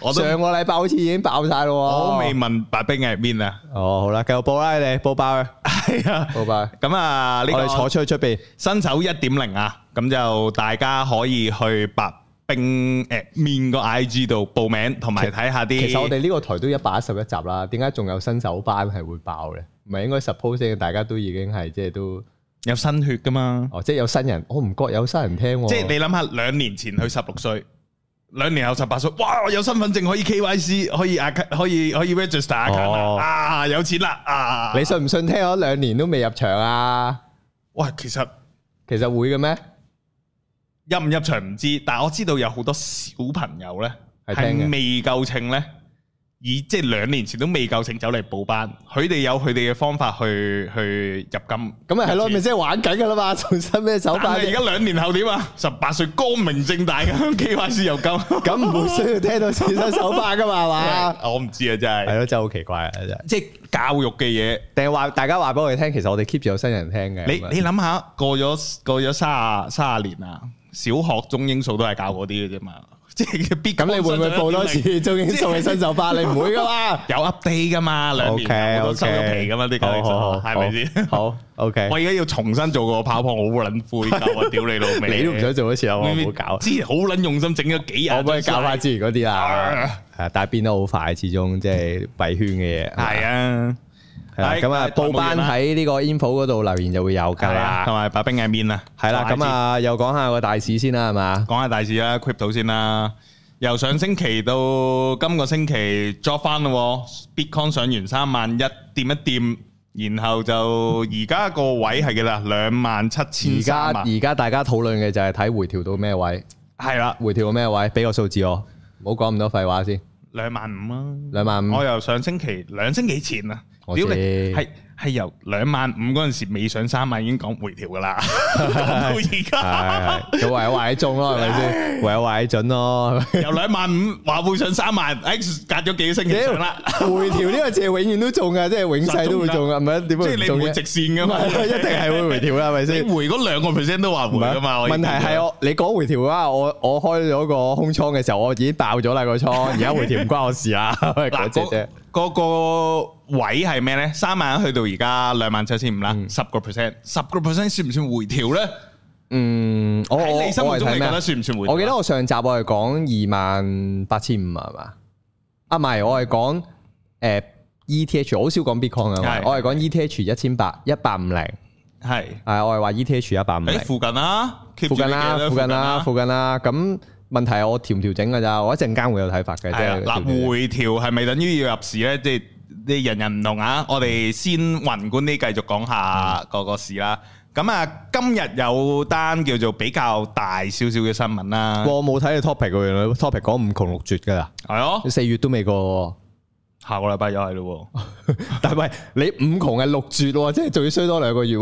我都上個禮拜好似已經爆晒，咯，我都未問白兵係邊啊。哦，好啦，繼續報啦你哋，報爆係啊，報爆咁啊，我哋坐出去出邊新手一點零啊，咁就大家可以去白兵誒面個 IG 度報名，同埋睇下啲。其實我哋呢個台都一百一十一集啦，點解仲有新手班係會爆咧？唔係應該 suppose 大家都已經係即係都有新血噶嘛？哦，即係有新人，我唔覺有新人聽。即係你諗下，兩年前佢十六歲。兩年後十八歲，哇！我有身份證可以 KYC，可以啊，可以可以 register 啊，哦，啊，有錢啦啊！你信唔信聽？我兩年都未入場啊！嘩，其實其實會嘅咩？入唔入場唔知，但我知道有好多小朋友咧係未夠秤咧。以即係兩年前都未夠秤走嚟補班，佢哋有佢哋嘅方法去去入金，咁咪係咯，咪即係玩緊噶啦嘛，重新咩手法？而家兩年後點啊？十八歲光明正大咁話事又夠，咁唔會需要聽到創新手法噶嘛？係嘛？ 我唔知啊，真係係咯，真係好奇怪啊！即係教育嘅嘢，定係話大家話俾我哋聽，其實我哋 keep 住有新人聽嘅。你你諗下，過咗過咗卅卅年啊，小學中英數都係教嗰啲嘅啫嘛。即係必咁，你會唔會報多次？做緊送你新手法你唔會噶嘛？有 update 噶嘛？兩年有好多抽咗皮噶嘛？呢個係咪先？好 OK，我而家要重新做個炮跑，我好撚灰搞，啊！屌你老味，你都唔想做一次啊！我好搞，之前好撚用心整咗幾日，我幫你搞返之前嗰啲啦，係啊，但係變得好快，始終即係幣圈嘅嘢，係啊。咁啊，報班喺呢個 info 嗰度留言就會有噶。係啊，同埋白兵喺面啊。係啦，咁啊，又講下個大市先啦，係嘛？講下大市啦，quick 圖先啦。由上星期到今個星期，drop 翻咯，Bitcoin 上完三萬一，掂一掂，然後就而家個位係幾啦？兩萬七千三啊！而家而家大家討論嘅就係睇回調到咩位？係啦，回調到咩位？俾個數字我，唔好講咁多廢話先。兩萬五咯。兩萬五。我又上星期兩星期前啊！屌你，係係由兩萬五嗰陣時未上三萬，已經講回調噶啦， 到而家又唯有喺中咯，係咪先？唯有喺準咯， 由兩萬五話會上三萬，X 隔咗幾個星期啦， 回調呢個字永遠都中噶，即係永世都會中噶，唔係點會？即係你唔會直線噶嘛？ 一定係會回調啦，係咪先？回嗰兩個 percent 都話回噶嘛？是問題係我你講回調啊，我我開咗個空倉嘅時候我已經爆咗啦，嗰個倉，而家回調唔關我事啊，喂，嗰隻啫。個個位係咩咧？三萬去到而家兩萬七千五啦，十個 percent，十個 percent 算唔算回調咧？嗯，我你心中我我記得我上集我係講二萬八千五啊嘛，啊唔係，我係講誒 ETH，好少講 Bitcoin 啊，我係講 ETH 一千八一百五零，係係我係話 ETH 一百五零，喺附近啦，附近啦，附近啦，啊，附近啦，咁。問題我調唔調整噶咋？我一陣間會有睇法嘅。係嗱的，回調係咪等於要入市咧？即係你人人唔同啊！我哋先宏觀啲，繼續講下各個市啦。咁、嗯、啊，今日有單叫做比較大少少嘅新聞啦、啊哦。我冇睇你，topic 原來 topic 講五窮六絕噶。係啊的，你四月都未過，下個禮拜又係咯，但係喂，你五窮係六絕，即係仲要衰多兩個月。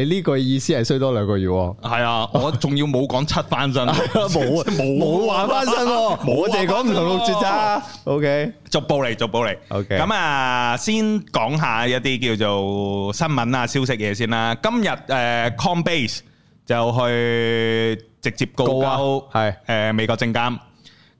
你呢個意思係衰多兩個月？係啊，我仲要冇講七翻身，冇冇冇話翻身，我淨係講唔同六絕咋。OK，逐步嚟逐步嚟。OK，咁啊，先講下一啲叫做新聞啊、消息嘢先啦。今日誒，Coinbase 就去直接告，係誒美國證監。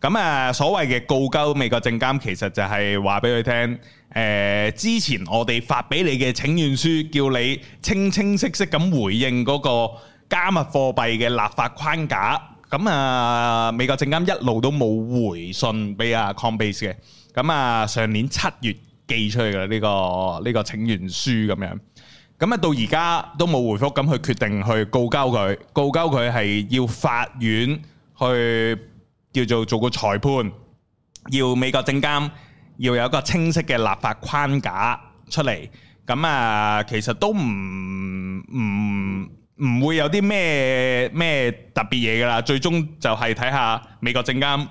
咁啊，所謂嘅告交美國證監，其實就係話俾佢聽，誒、呃、之前我哋發俾你嘅請願書，叫你清清晰晰咁回應嗰個加密貨幣嘅立法框架。咁啊，美國證監一路都冇回信俾阿 Coinbase 嘅。咁啊，上年七月寄出去嘅呢個呢、呢個請願書咁樣，咁啊到而家都冇回覆，咁佢決定去告交佢，告交佢係要法院去。叫做做個裁判，要美國證監要有一個清晰嘅立法框架出嚟，咁啊，其實都唔唔唔會有啲咩咩特別嘢㗎啦，最終就係睇下美國證監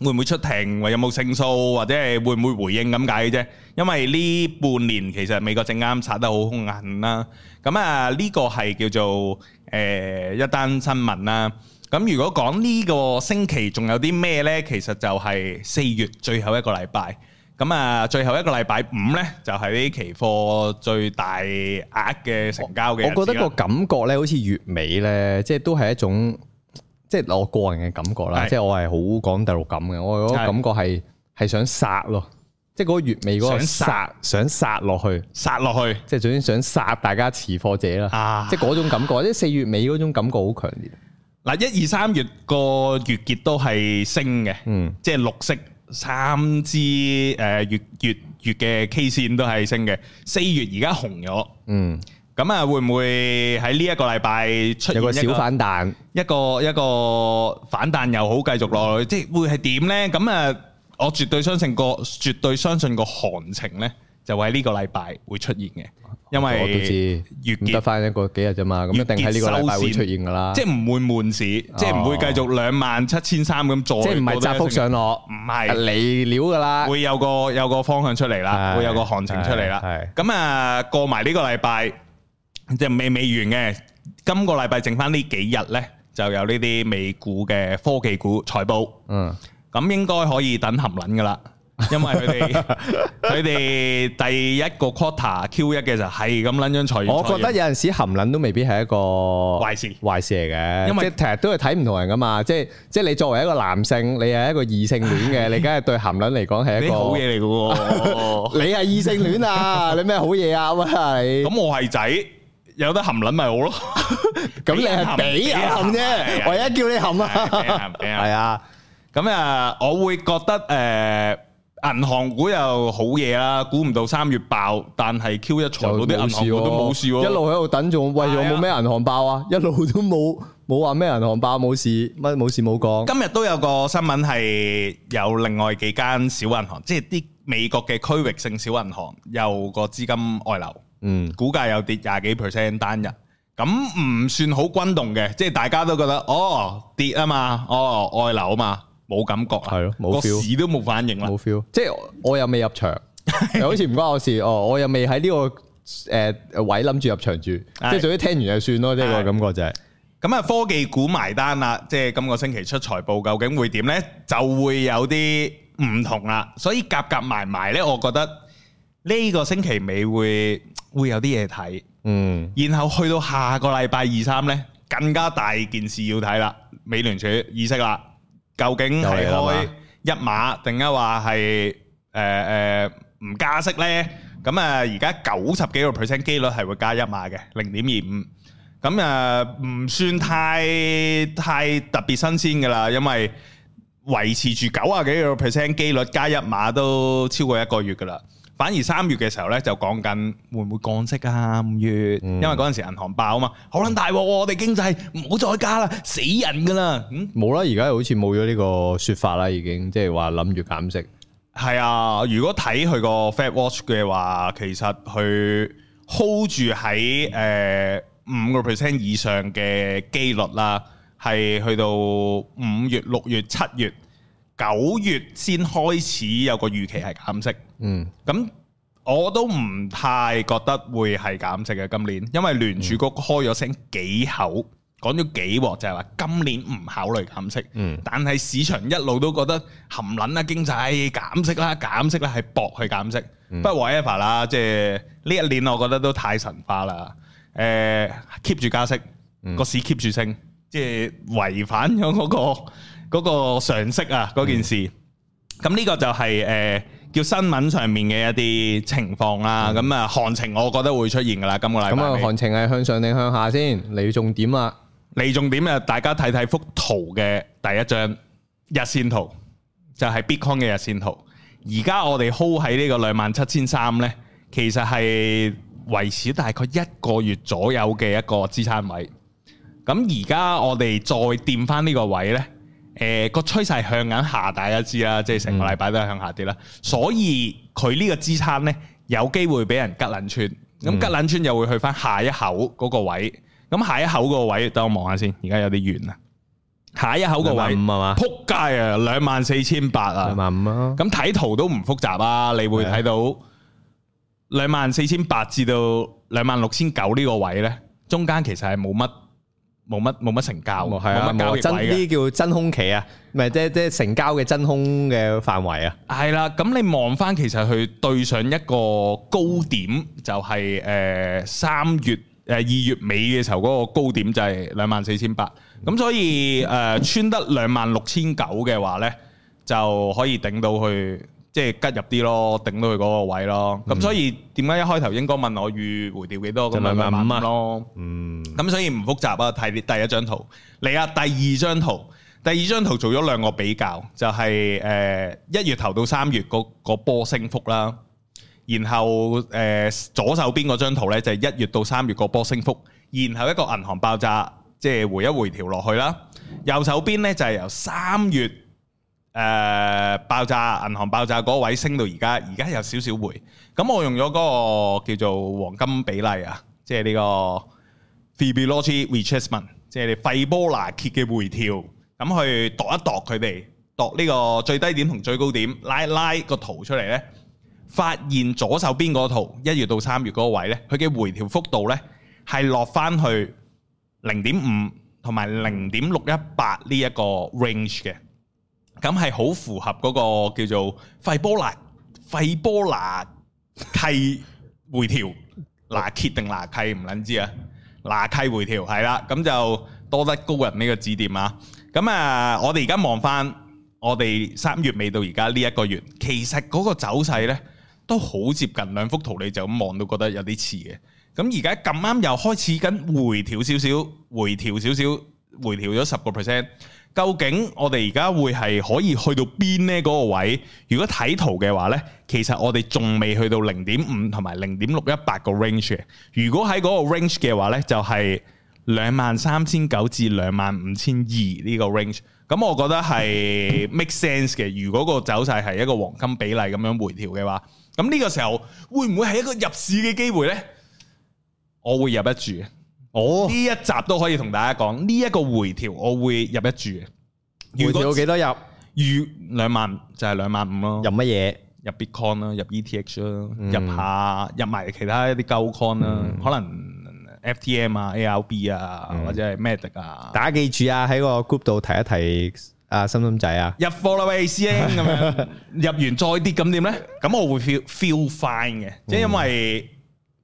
會唔會出庭，或者有冇勝訴，或者係會唔會回應咁解嘅啫。因為呢半年其實美國證監殺得好兇狠啦，咁啊呢個係叫做誒一單新聞啦。咁如果講呢個星期仲有啲咩咧？其實就係四月最後一個禮拜。咁啊，最後一個禮拜五咧，就係呢期貨最大額嘅成交嘅。我覺得個感覺咧，好似月尾咧，即係都係一種，即係我個人嘅感覺啦。即係我係好講第六感嘅，我個感覺係係想殺咯，即係嗰個月尾嗰個殺，想殺落去，殺落去，即係總之想殺大家持貨者啦。啊，即係嗰種感覺，即係四月尾嗰種感覺好強烈。嗱，一二三月個月結都係升嘅，嗯，即係綠色三支誒月月月嘅 K 線都係升嘅。四月而家紅咗，嗯、啊，咁啊會唔會喺呢一個禮拜出現一個，有個小反彈一，一個一個反彈又好，繼續落去，即係會係點咧？咁啊，我絕對相信個，絕對相信個行情咧，就喺呢個禮拜會出現嘅。因為月結得翻一個幾日啫嘛，咁一定喺呢個禮拜出現噶啦。即係唔會悶市，即係唔會繼續兩萬七千三咁再窄幅上落，唔係嚟料噶啦。會有個有個方向出嚟啦，會有個行情出嚟啦。咁啊，過埋呢個禮拜，即係未未完嘅。今個禮拜剩翻呢幾日咧，就有呢啲美股嘅科技股財報。嗯，咁應該可以等含撚噶啦。因為佢哋佢哋第一個 quarter Q 一嘅就係咁捻樣財源，我覺得有陣時含捻都未必係一個壞事壞事嚟嘅。因為其實都係睇唔同人噶嘛，即係即係你作為一個男性，你係一個異性戀嘅，你梗係對含捻嚟講係一個好嘢嚟噶喎。你係異性戀啊？你咩好嘢啊？咁我係仔有得含捻咪好咯。咁你係俾你含啫，我而家叫你含啊，係啊。咁啊，我會覺得誒。銀行股又好嘢啦，估唔到三月爆，但係 Q1 坐到啲銀行股都冇事喎，啊，一路喺度等仲，喂，有冇咩銀行爆啊？啊一路都冇冇話咩銀行爆冇事，乜冇事冇講。今日都有個新聞係有另外幾間小銀行，即係啲美國嘅區域性小銀行，有個資金外流，嗯，股價又跌廿幾 percent 單日，咁唔算好轟動嘅，即係大家都覺得哦跌啊嘛，哦外流嘛。冇感覺啊，係咯，冇 feel，市都冇反應啦，冇 feel，即係我又未入場，好似唔關我事哦，我又未喺呢個誒位諗住入場住，即係總之聽完就算咯，呢個感覺就係。咁啊，科技股埋單啦，即係今個星期出財報究竟會點咧，就會有啲唔同啦，所以夾夾埋埋咧，我覺得呢個星期尾會會有啲嘢睇，嗯，然後去到下個禮拜二三咧，更加大件事要睇啦，美聯儲議息啦。究竟係開一碼定啊話係誒誒唔加息咧？咁啊而家九十幾個 percent 機率係會加一碼嘅零點二五，咁啊唔算太太特別新鮮㗎喇，因為維持住九十幾個 percent 機率加一碼都超過一個月㗎喇。反而三月嘅時候咧，就講緊會唔會降息啊？五月，嗯、因為嗰陣時銀行爆啊嘛，好撚大鑊喎！我哋經濟唔好再加啦，死人噶啦。嗯，冇啦，而家好似冇咗呢個說法啦，已經即係話諗住減息。係啊，如果睇佢個 Fed Watch 嘅話，其實佢 hold 住喺誒五個 percent 以上嘅機率啦，係去到五月、六月、七月。九月先開始有個預期係減息，嗯，咁我都唔太覺得會係減息嘅今年，因為聯儲局開咗聲幾口，講咗幾鑊，就係、是、話今年唔考慮減息，嗯，但係市場一路都覺得含撚啦，經濟減息啦，減息啦係搏去減息，不過 ever 啦，即係呢一年我覺得都太神化啦，誒，keep 住加息，個、嗯、市 keep 住升，即係違反咗嗰、那個。嗰個常識啊，嗰件事，咁呢、嗯、個就係、是、誒、呃、叫新聞上面嘅一啲情況啦。咁啊，嗯、行情我覺得會出現噶啦，今個禮拜。咁啊、嗯，行情係向上定向下先嚟重點啊！嚟重點啊！大家睇睇幅圖嘅第一張日線圖，就係、是、Bitcoin 嘅日線圖。而家我哋 hold 喺呢個兩萬七千三咧，其實係維持大概一個月左右嘅一個支撐位。咁而家我哋再掂翻呢個位咧。誒、呃、個趨勢向緊下，大家知啦，即係成個禮拜都係向下跌啦，嗯、所以佢呢個支撐呢，有機會俾人吉撚穿，咁、嗯、吉撚穿又會去翻下一口嗰個位，咁下一口嗰個位，等我望下先，而家有啲遠啊，下一口個位五啊嘛，撲街兩萬五啊，兩萬四千八啊，兩萬五啊，咁睇圖都唔複雜啊，你會睇到兩萬四千八至到兩萬六千九呢個位呢，中間其實係冇乜。冇乜冇乜成交，冇乜交易位嘅，真啲叫真空期啊，唔係即係即係成交嘅真空嘅範圍啊。係啦，咁你望翻，其實佢對上一個高點，就係誒三月誒二月尾嘅時候嗰個高點就係兩萬四千八，咁所以誒穿得兩萬六千九嘅話咧，就可以頂到去。即係拮入啲咯，頂到佢嗰個位咯。咁所以點解一開頭應該問我預回調幾多？咁咪咪五蚊咯。嗯。咁所以唔複雜啊。睇第一張圖嚟啊，第二張圖，第二張圖做咗兩個比較，就係誒一月頭到三月嗰個波升幅啦。然後誒左手邊嗰張圖咧就係一月到三月個波升幅，然後一個銀行爆炸，即係回一回調落去啦。右手邊咧就係由三月。誒爆炸，銀行爆炸嗰位升到而家，而家有少少回。咁我用咗嗰個叫做黃金比例啊，即係呢個 fibonacci retracement，即係費波納切嘅回調，咁去度一度佢哋度呢個最低點同最高點，拉一拉個圖出嚟咧，發現左手邊嗰個圖一月到三月嗰個位咧，佢嘅回調幅度咧係落翻去零點五同埋零點六一八呢一個 range 嘅。咁係好符合嗰個叫做斐波那斐波那契回調，嗱跌定嗱契唔捻知啊，嗱契回調係啦，咁就多得高人呢個指點啊！咁啊，我哋而家望翻我哋三月尾到而家呢一個月，其實嗰個走勢咧都好接近兩幅圖，你就咁望都覺得有啲似嘅。咁而家咁啱又開始緊回調少少，回調少少，回調咗十個 percent。究竟我哋而家會係可以去到邊呢？嗰個位，如果睇圖嘅話呢，其實我哋仲未去到零點五同埋零點六一八個 range。如果喺嗰個 range 嘅話呢，就係兩萬三千九至兩萬五千二呢個 range。咁我覺得係 make sense 嘅。如果個走勢係一個黃金比例咁樣回調嘅話，咁呢個時候會唔會係一個入市嘅機會呢？我會入一注。呢一集都可以同大家講，呢一個回調我會入一注嘅。回調幾多入？預兩萬就係兩萬五咯。入乜嘢？入 Bitcoin 啦，入 ETH 啦，入下入埋其他一啲高 coin 啦，可能 FTM 啊、ARB 啊或者係 Matic 啊。大家記住啊，喺個 group 度提一提啊，心心仔啊，入貨啦喂，師兄咁樣入完再跌咁點咧？咁我會 feel feel fine 嘅，即係因為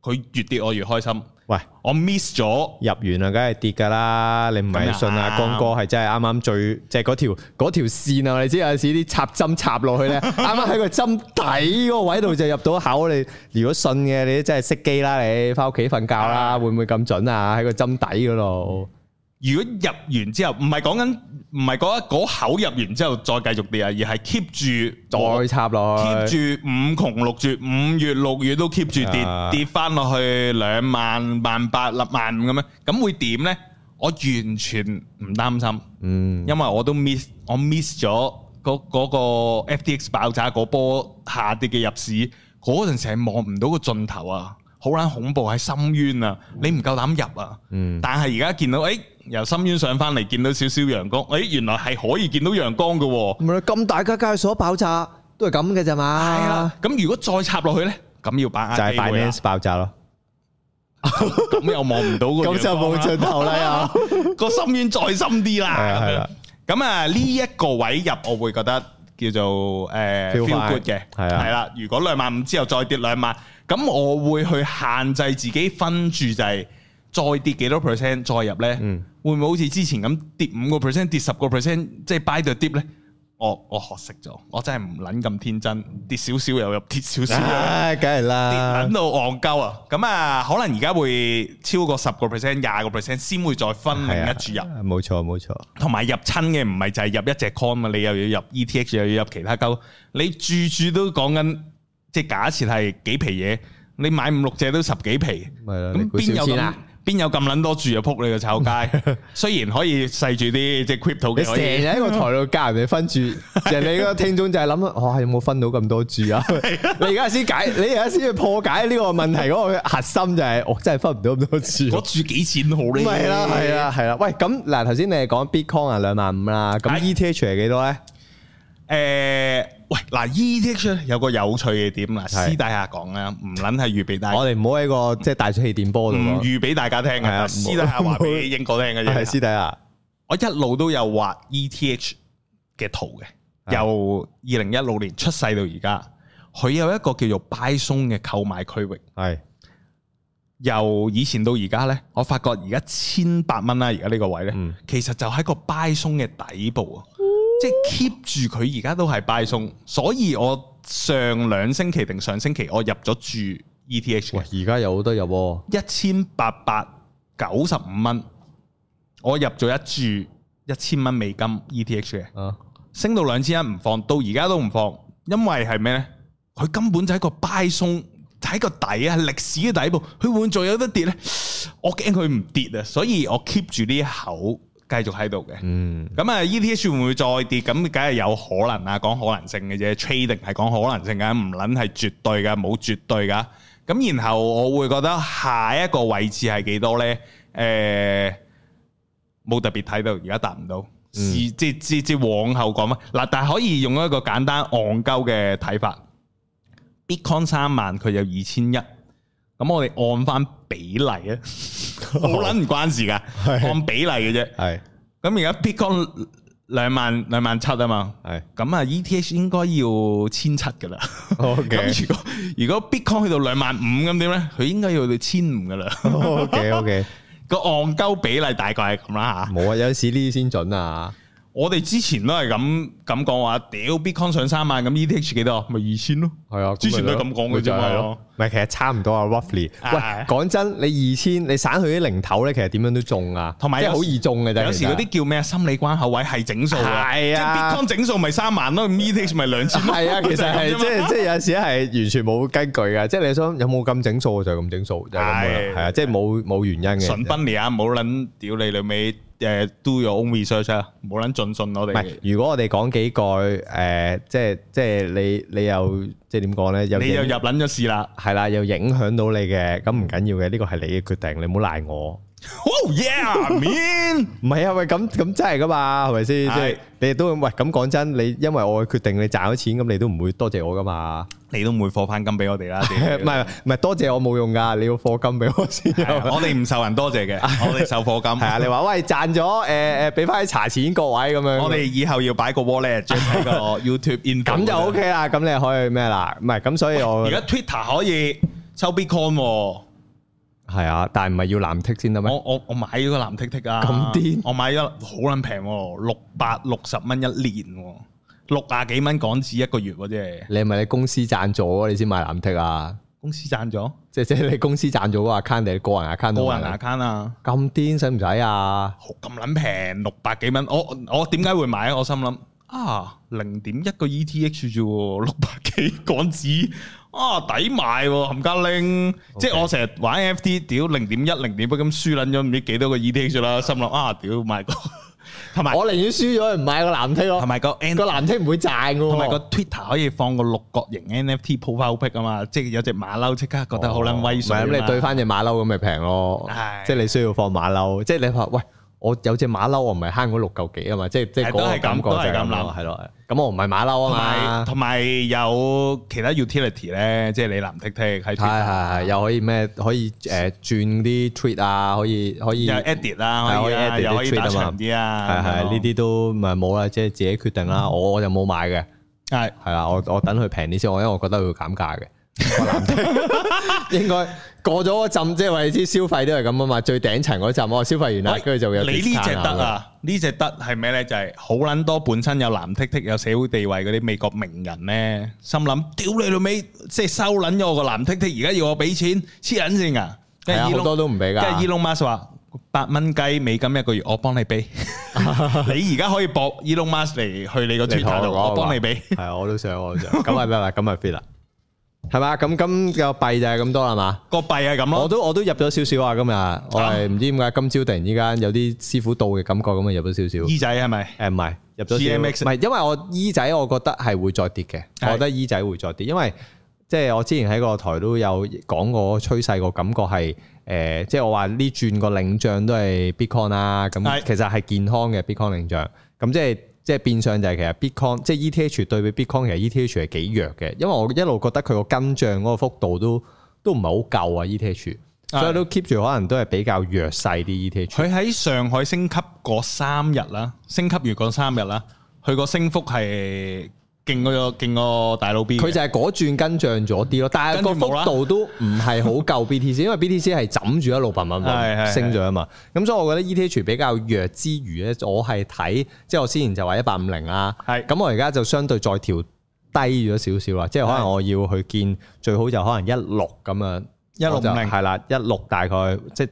佢越跌我越開心。喂，我 miss 咗入完啦，梗係跌噶啦！你唔係信啊，光哥係真係啱啱最即係嗰條嗰條線啊！你知有時啲插針插落去咧，啱啱喺個針底嗰個位度就入到口。你如果信嘅，你真係熄機啦！你翻屋企瞓覺啦， 會唔會咁準啊？喺個針底嗰度。 如果入完之後，唔係講緊，唔係講一嗰口入完之後再繼續跌啊，而係 keep 住再插落去，keep 住五窮六絕五月六月都 keep 住跌、哎、呀跌翻落去兩萬萬八粒萬五咁樣？咁會點呢？我完全唔擔心，嗯，因為我都 miss 我 miss 咗嗰、嗰個、嗰個、FTX 爆炸嗰波下跌嘅入市，嗰陣時係望唔到個盡頭啊！好捻恐怖喺深淵啊！你唔夠膽入啊！但係而家見到誒，由深淵上翻嚟見到少少陽光，誒，原來係可以見到陽光嘅。咪啦，咁大間交易所爆炸都係咁嘅啫嘛。係啊，咁如果再插落去咧，咁要擺就係 Binance 爆炸咯。咁又望唔到個，咁就冇盡頭啦。又個深淵再深啲啦。係啊！係啦，咁啊呢一個位入我會覺得，叫做誒，呃、feel, feel good 嘅，係啦的。如果兩萬五之後再跌兩萬，咁我會去限制自己分住，就係再跌幾多 percent 再入咧。嗯、會唔會好似之前咁跌五個 percent、跌十個 percent，即係 buy the dip 咧？我我學識咗，我真係唔撚咁天真，跌少少又入，跌少少，梗係啦，撚到戇鳩啊！咁啊，可能而家會超過十個 percent、廿個 percent 先會再分另一注入，冇錯冇錯。同埋入親嘅唔係就係入一隻 coin 嘛，你又要入 ETH 又要入其他鳩，你注注都講緊即係假設係幾皮嘢，你買五六隻都十幾皮，咁邊、啊、有咁？邊有咁捻多住啊！扑你個炒街，雖然可以細住啲，即係 Crypto 嘅可以。你成日喺個台度加人哋分住，人哋 個聽眾就係諗我哦，有冇分到咁多住啊？ 你而家先解，你而家先去破解呢個問題嗰個核心就係、是，我、哦、真係分唔到咁多住。我、 啊、住幾錢好咧？係啦，係啦，係啦，啦，啦。喂，咁嗱，頭先你係講 Bitcoin 啊，兩萬五啦，咁 ETH 係幾多咧？誒、欸，喂，嗱、e、ETH 有個有趣嘅點啦，私底下講啦，唔諗係預備大家， 我哋唔好喺個即係、就是、大水氣電波度，唔預備大家聽嘅，私底下話俾英國聽嘅啫。係私底下我一路都有畫 ETH 嘅圖嘅，是由二零一六年出世到而家，佢有一個叫做 Buy 松嘅購買區域，係是由以前到而家咧，我發覺而家千八蚊啦，而家呢個位咧，嗯、其實就喺個 Buy 松嘅底部啊。即係 keep 住佢而家都係拜送。所以我上兩星期定上星期我入咗住 ETH 喂，而家有好多入喎，啊，一千八百九十五蚊，我入咗一注一千蚊美金 ETH 嘅。啊、升到兩千一唔放到而家都唔放，因為係咩呢？佢根本就係一個拜送，係一個底啊，歷史嘅底部，佢換做有得跌呢，我驚佢唔跌啊，所以我 keep 住呢一口。繼續喺度嘅，咁啊 ETH 會唔會再跌？咁梗係有可能啊。講可能性嘅啫，trading 係講可能性嘅，唔撚係絕對嘅，冇絕對噶。咁然後我會覺得下一個位置係幾多呢？誒、呃，冇特別睇到，而家答唔到，是、嗯、即係往後講啊。嗱，但係可以用一個簡單戇鳩嘅睇法，Bitcoin 三萬，佢有二千一。咁我哋按翻比例啊，我諗唔關事噶，是按比例嘅啫。係是，咁而家 Bitcoin 兩萬兩萬七啊嘛，係，咁啊 ETH 應該要千七噶啦。OK，Okay 咁如果如果 Bitcoin 去到兩萬五咁點咧？佢應該要去到千五噶啦。OK，OK，okay, okay 個 按鳩比例大概係咁啦吓。冇啊，有時呢啲先準啊。我哋之前都係咁咁講話，屌 Bitcoin 上三萬，咁 ETH 幾多？咪二千咯。係啊，之前都係咁講嘅啫嘛。咪其實差唔多啊。Roughly，喂，講真，你二千，你省去啲零頭咧，其實點樣都中啊。同埋又好易中嘅啫。有時嗰啲叫咩啊？心理關口位係整數啊。係啊。即係 Bitcoin 整數咪三萬咯，ETH 咪兩千咯。係啊，其實係即係即係有時係完全冇根據嘅。即係你想有冇咁整數就係咁整數，就係咁嘅。係啊，即係冇冇原因嘅。純 binny 啊，冇撚屌你兩尾。誒都要 own research 啊，冇撚盡信我哋。唔係，如果我哋講幾句誒、呃，即係即係你你又即係點講咧？你又，你又入撚咗事啦，係啦，又影響到你嘅，咁唔緊要嘅，呢個係你嘅決定，你唔好賴我。Oh yeah, man！唔係啊，喂，咁咁真係噶嘛，係咪先？即係你都喂咁講真，你因為我決定你賺咗錢，咁你都唔會多謝我噶嘛？你都唔會課翻金俾我哋啦？唔係唔係，多謝我冇用噶，你要課金俾我先。我哋唔受人多謝嘅，我哋受課金係啊。你話喂賺咗誒誒，俾翻啲茶錢各位咁樣。我哋以後要擺個 wallet 轉喺個 YouTube in。咁就 OK 啦，咁你可以咩啦？唔係咁，所以我而家 Twitter 可以抽 Bitcoin。係啊，但係唔係要藍剔先得咩？我我我買咗個藍剔剔啊！咁癲！我買咗好捻平，六百六十蚊一年，六廿幾蚊港紙一個月啫、啊。你係咪你公司贊助啊？你先買藍剔啊？公司贊助？即係即係你公司贊助啊，account 定係個人 account？個人 account 啊！咁癲，使唔使啊？咁捻平，六百幾蚊，我我點解會買啊？我心諗啊，零點一個 ETH 啫，六百幾港紙。啊，抵買喎冚家拎！即係 Okay. 我成日玩 NFT，屌零點一零點一咁輸撚咗唔知幾多個 ETH 啦，心諗啊，屌買、個同埋我寧願輸咗唔買個藍，NFT，個藍 T 咯，同埋個個藍 T 唔會賺喎，同埋個 Twitter 可以放個六角形 NFT profile pic 啊嘛，哦、即係有隻馬騮即刻覺得好撚威水、哦。咁，你對翻隻馬騮咁咪平咯，哎、即係你需要放馬騮，即係你話喂。我有隻馬騮，我唔係慳嗰六嚿幾啊嘛，即係即係嗰個感覺就係咯，咁對我唔係馬騮啊嘛，同埋有，有其他 utility 咧，即係你藍剔剔係，係係，又可以咩？可以誒，轉啲 tweet 啊，可以可以，edit 啦，可以有 edit，有可以打長啲啊，係係，呢啲都唔係冇啦，即係自己決定啦。我我就冇買嘅，係係啊，我我等佢平啲先，我因為我覺得佢會減價嘅。藍剔，應該過咗個陣，即係話啲消費都係咁啊嘛。最頂層嗰陣，我消費完啦，佢就會有你呢隻得啊，呢隻得係咩咧？就係好捻多本身有藍剔剔有社會地位嗰啲美國名人咧，心諗，屌你老味，即係收捻咗我個藍剔剔，而家要我俾錢，黐捻線噶，係好多都唔俾噶。跟住 Elon Musk 話八蚊雞美金一個月，我幫你俾。你而家可以博 Elon Musk 嚟去你個 Twitter 度，我幫你俾。係啊，我都想，我都想。咁啊，嗱，咁啊 fit 啦。係嘛？咁咁、那個幣就係咁多係嘛？個幣係咁咯。我都我都入咗少少啊！今日的我係唔知點解今朝突然之間有啲師傅到嘅感覺咁啊、呃，入咗少少。衣仔係咪？誒唔係，入咗少少。唔係，因為我衣仔我覺得係會再跌嘅。的我覺得衣仔會再跌，因為即係、就是、我之前喺個台都有講過趨勢個感覺係誒，即、呃、係、就是、我話呢轉個領漲都係 Bitcoin 啊。咁其實係健康嘅 Bitcoin 領漲。咁的即係。即係變相就係，其實 Bitcoin 即係 ETH 對比 Bitcoin，其實 ETH 係幾弱嘅，因為我一路覺得佢個跟漲嗰個幅度都都唔係好夠啊 ETH，的所以都 keep 住可能都係比較弱勢啲 ETH。佢喺的上海升級嗰三日啦，升級月嗰三日啦，佢個升幅係。勁個勁個大佬 B，佢就係嗰轉跟漲咗啲咯，但係個幅度都唔係好夠 B T C， 因為 B T C 係枕住一路品品升咗啊嘛，咁是所以我覺得 E T H 比較弱之餘咧，我係睇即係我先前就話一百五零啦。係，咁我而家就相對再調低咗少少啊，即係可能我要去見最好就可能一六咁樣，一六五零係啦，一六大概即係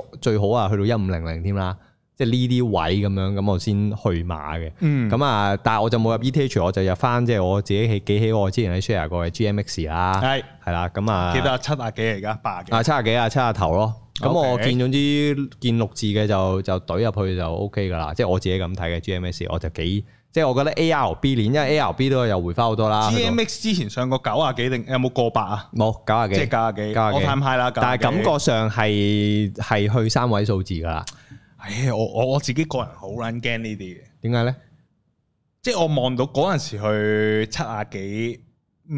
可最好啊，去到一五零零添啦。即係呢啲位咁樣，咁我先去馬嘅。咁、嗯、啊，但係我就冇入 ETH，我就入翻即係我自己起記起我之前喺 share 過嘅 GMX 啦。係係啦，咁啊，記得幾多七啊幾而家八啊？七啊幾啊？七啊頭咯。咁 Okay. 我見總之見六字嘅就就懟入去就 OK 㗎啦。即係我自己咁睇嘅 GMX，我就幾即係我覺得 ARB 鏈，因為 ARB 都有回翻好多啦。GMX 之前上過九啊幾定有冇過百啊？冇九啊幾，即係九啊幾，我太 high 啦。但係感覺上係係去三位數字㗎啦。唉、哎，我我我自己個人好卵驚呢啲嘅，點解呢？即係我望到嗰陣時去七啊幾，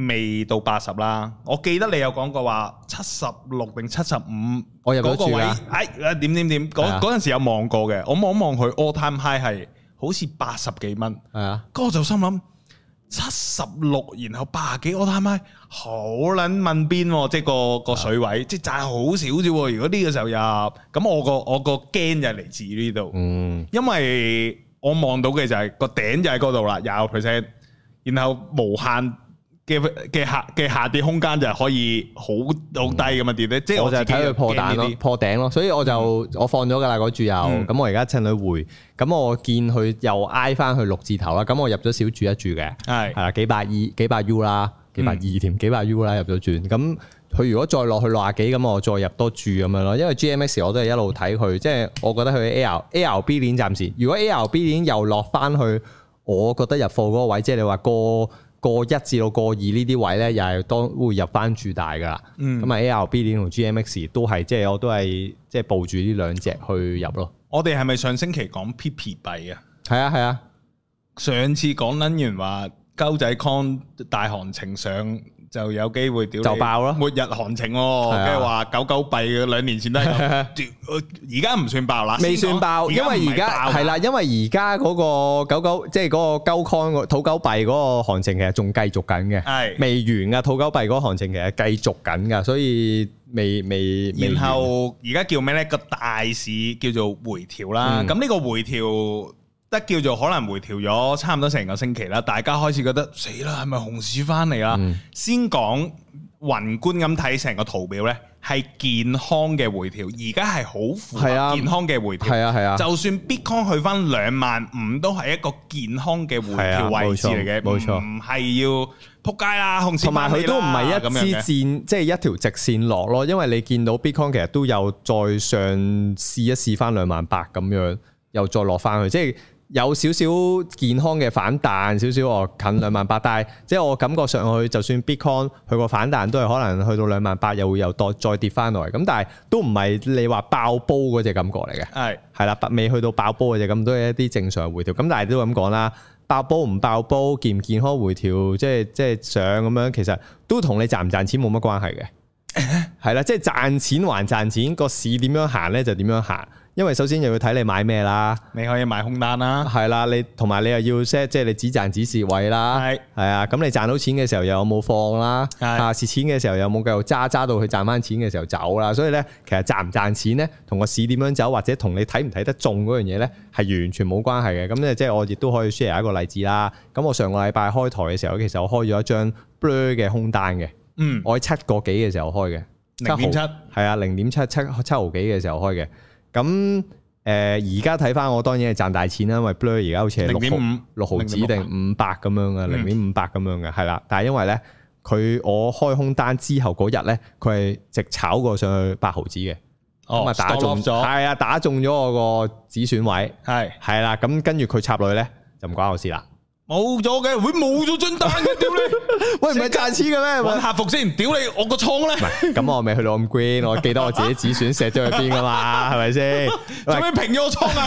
未到八十啦。我記得你有講過話七十六定七十五，我入咗住啦。唉，點點點，嗰嗰陣時有望過嘅，我望一望佢 all time high 係好似八十幾蚊。係啊的，嗰我就心諗。七十六，76，然後八啊幾，我睇咪好撚問邊喎、啊？即係個個水位，啊、即係賺好少啫、啊。如果呢個時候入，咁我個我個驚就嚟自呢度，嗯、因為我望到嘅就係個頂就喺嗰度啦，廿個 percent，然後無限。嘅嘅下嘅下跌空間就係可以好到低咁嘅點咧，嗯、即係我，我就睇佢破蛋咯、破頂咯，所以我就、嗯、我放咗噶啦個注有，咁、嗯、我而家趁佢回，咁我見佢又挨翻去六字頭啦，咁我入咗少注一注嘅，係係啦幾百二幾百 U 啦，幾百二點幾百 U 啦入咗轉，咁佢如果再落去六廿幾，咁我再入多注咁樣咯，因為 GMX 我都係一路睇佢，即、就、係、是、我覺得佢 ARB 鏈暫時，如果 ARB 鏈又落翻去，我覺得入貨嗰個位，即係你話個。過一至到過二呢啲位咧，又係多會入翻住大噶啦。咁啊，ARB 呢同 G M X 都係即係我都係即係佈住呢兩隻去入咯。我哋係咪上星期講 Pipi 幣啊？係啊係啊，啊上次講撚完話，鳩仔 con 大行情上。就有機會屌就爆咯，末日行情哦，即係話九九幣嘅兩年前都係，而家唔算爆啦，未算爆，因為而家係啦，因為而家嗰個九九即係嗰個鳩康個土狗幣嗰個行情其實仲繼續緊嘅，係未完啊，土狗幣嗰個行情其實繼續緊㗎，所以未未。然後而家叫咩咧？個大市叫做回調啦，咁呢個回調。一叫做可能回調咗差唔多成個星期啦，大家開始覺得死啦，係咪熊市翻嚟啦？先講宏觀咁睇成個圖表咧，係健康嘅回調，而家係好健康嘅回調，係啊係啊，就算 Bitcoin 去翻兩萬五都係一個健康嘅回調位置嚟嘅，冇錯，唔係要仆街啦，同埋佢都唔係一支線，即係一條直線落咯，因為你見到 Bitcoin 其實都有再上試一試翻兩萬八咁樣，又再落翻去，即係。有少少健康嘅反彈，少少喎，近兩萬八。但係即係我感覺上去，就算 Bitcoin 去個反彈，都係可能去到兩萬八，又會又再再跌翻落嚟。咁但係都唔係你話爆煲嗰隻感覺嚟嘅。係係啦，未去到爆煲嘅啫，咁都係一啲正常回調。咁但係都咁講啦，爆煲唔爆煲，健唔健康回調，即係即係上咁樣，其實都同你賺唔賺錢冇乜關係嘅。係啦， 即係賺錢還賺錢，個市點樣行咧就點樣行。因為首先又要睇你買咩啦，你可以買空單啦，係啦，你同埋你又要 set，即係你止賺止蝕位啦，係係啊，咁你賺到錢嘅時候又有冇放啦，係啊，蝕錢嘅時候有冇繼續揸揸到佢賺翻錢嘅時候走啦，所以咧其實賺唔賺錢咧，同個市點樣走或者同你睇唔睇得中嗰樣嘢咧，係完全冇關係嘅。咁咧即係我亦都可以 share 一個例子啦。咁我上個禮拜開台嘅時候，其實我開咗一張 blur 嘅空單嘅，嗯，我喺七個幾嘅時候開嘅，零點七，係啊，零點七七七毫幾嘅時候開嘅。咁誒而家睇翻，我當然係賺大錢啦，因為 blur 而家好似六毫五六毫子定五百咁樣嘅，零點五百咁樣嘅，係啦，但係因為咧佢我開空單之後嗰日咧，佢係直炒過上去八毫子嘅，咁啊、哦、打中咗，係啊打中咗了、啊、我個止損位，係係啦，咁、啊、跟住佢插裏咧就唔關我事啦。冇咗嘅，會冇咗張單嘅，屌你！喂，唔係賺錢嘅咩？問客服先，屌你， 我個倉咧。咁我未去到咁 grand，我記得我自己止損石咗去邊噶嘛，係咪先？做咩平咗我倉啊？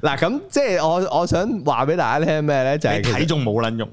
嗱， 咁即係我我想話俾大家聽咩咧？就係睇中冇卵用，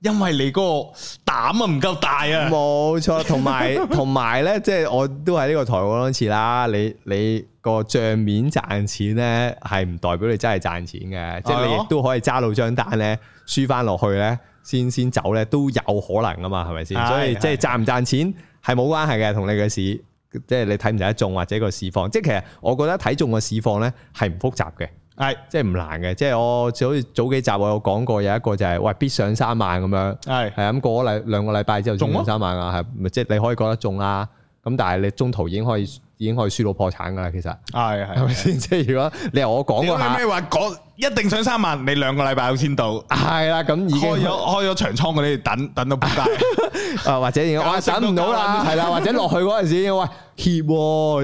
因為你個膽啊唔夠大啊。冇錯，同埋同埋咧，即係我都喺呢個台玩多次啦。你你個賬面賺錢咧，係唔代表你真係賺錢嘅，即係、哦、你亦都可以揸到張單咧。輸翻落去咧，先先走咧都有可能噶嘛，係咪先？所以即係賺唔賺錢係冇是是 關係嘅，同你嘅市，即係你睇唔睇得中或者個市況。即係其實我覺得睇中個市況咧係唔複雜嘅，係是 即係唔難嘅。即係我就好似早幾集我有講過，有一個就係、是、喂必上三萬咁樣，係係咁過咗禮兩個禮拜之後上三萬中啊，係咪即係你可以覺得中啦、啊？咁但係你中途已經可以。已經可以輸到破產噶啦，其實係係咪先？即係如果你由我講個，有咩話講？一定上三萬，你兩個禮拜先到，係啦。咁已經開咗開咗長倉嗰啲等等到撲街，或者我係等唔到啦，係啦，或者落去嗰陣時，喂，怯，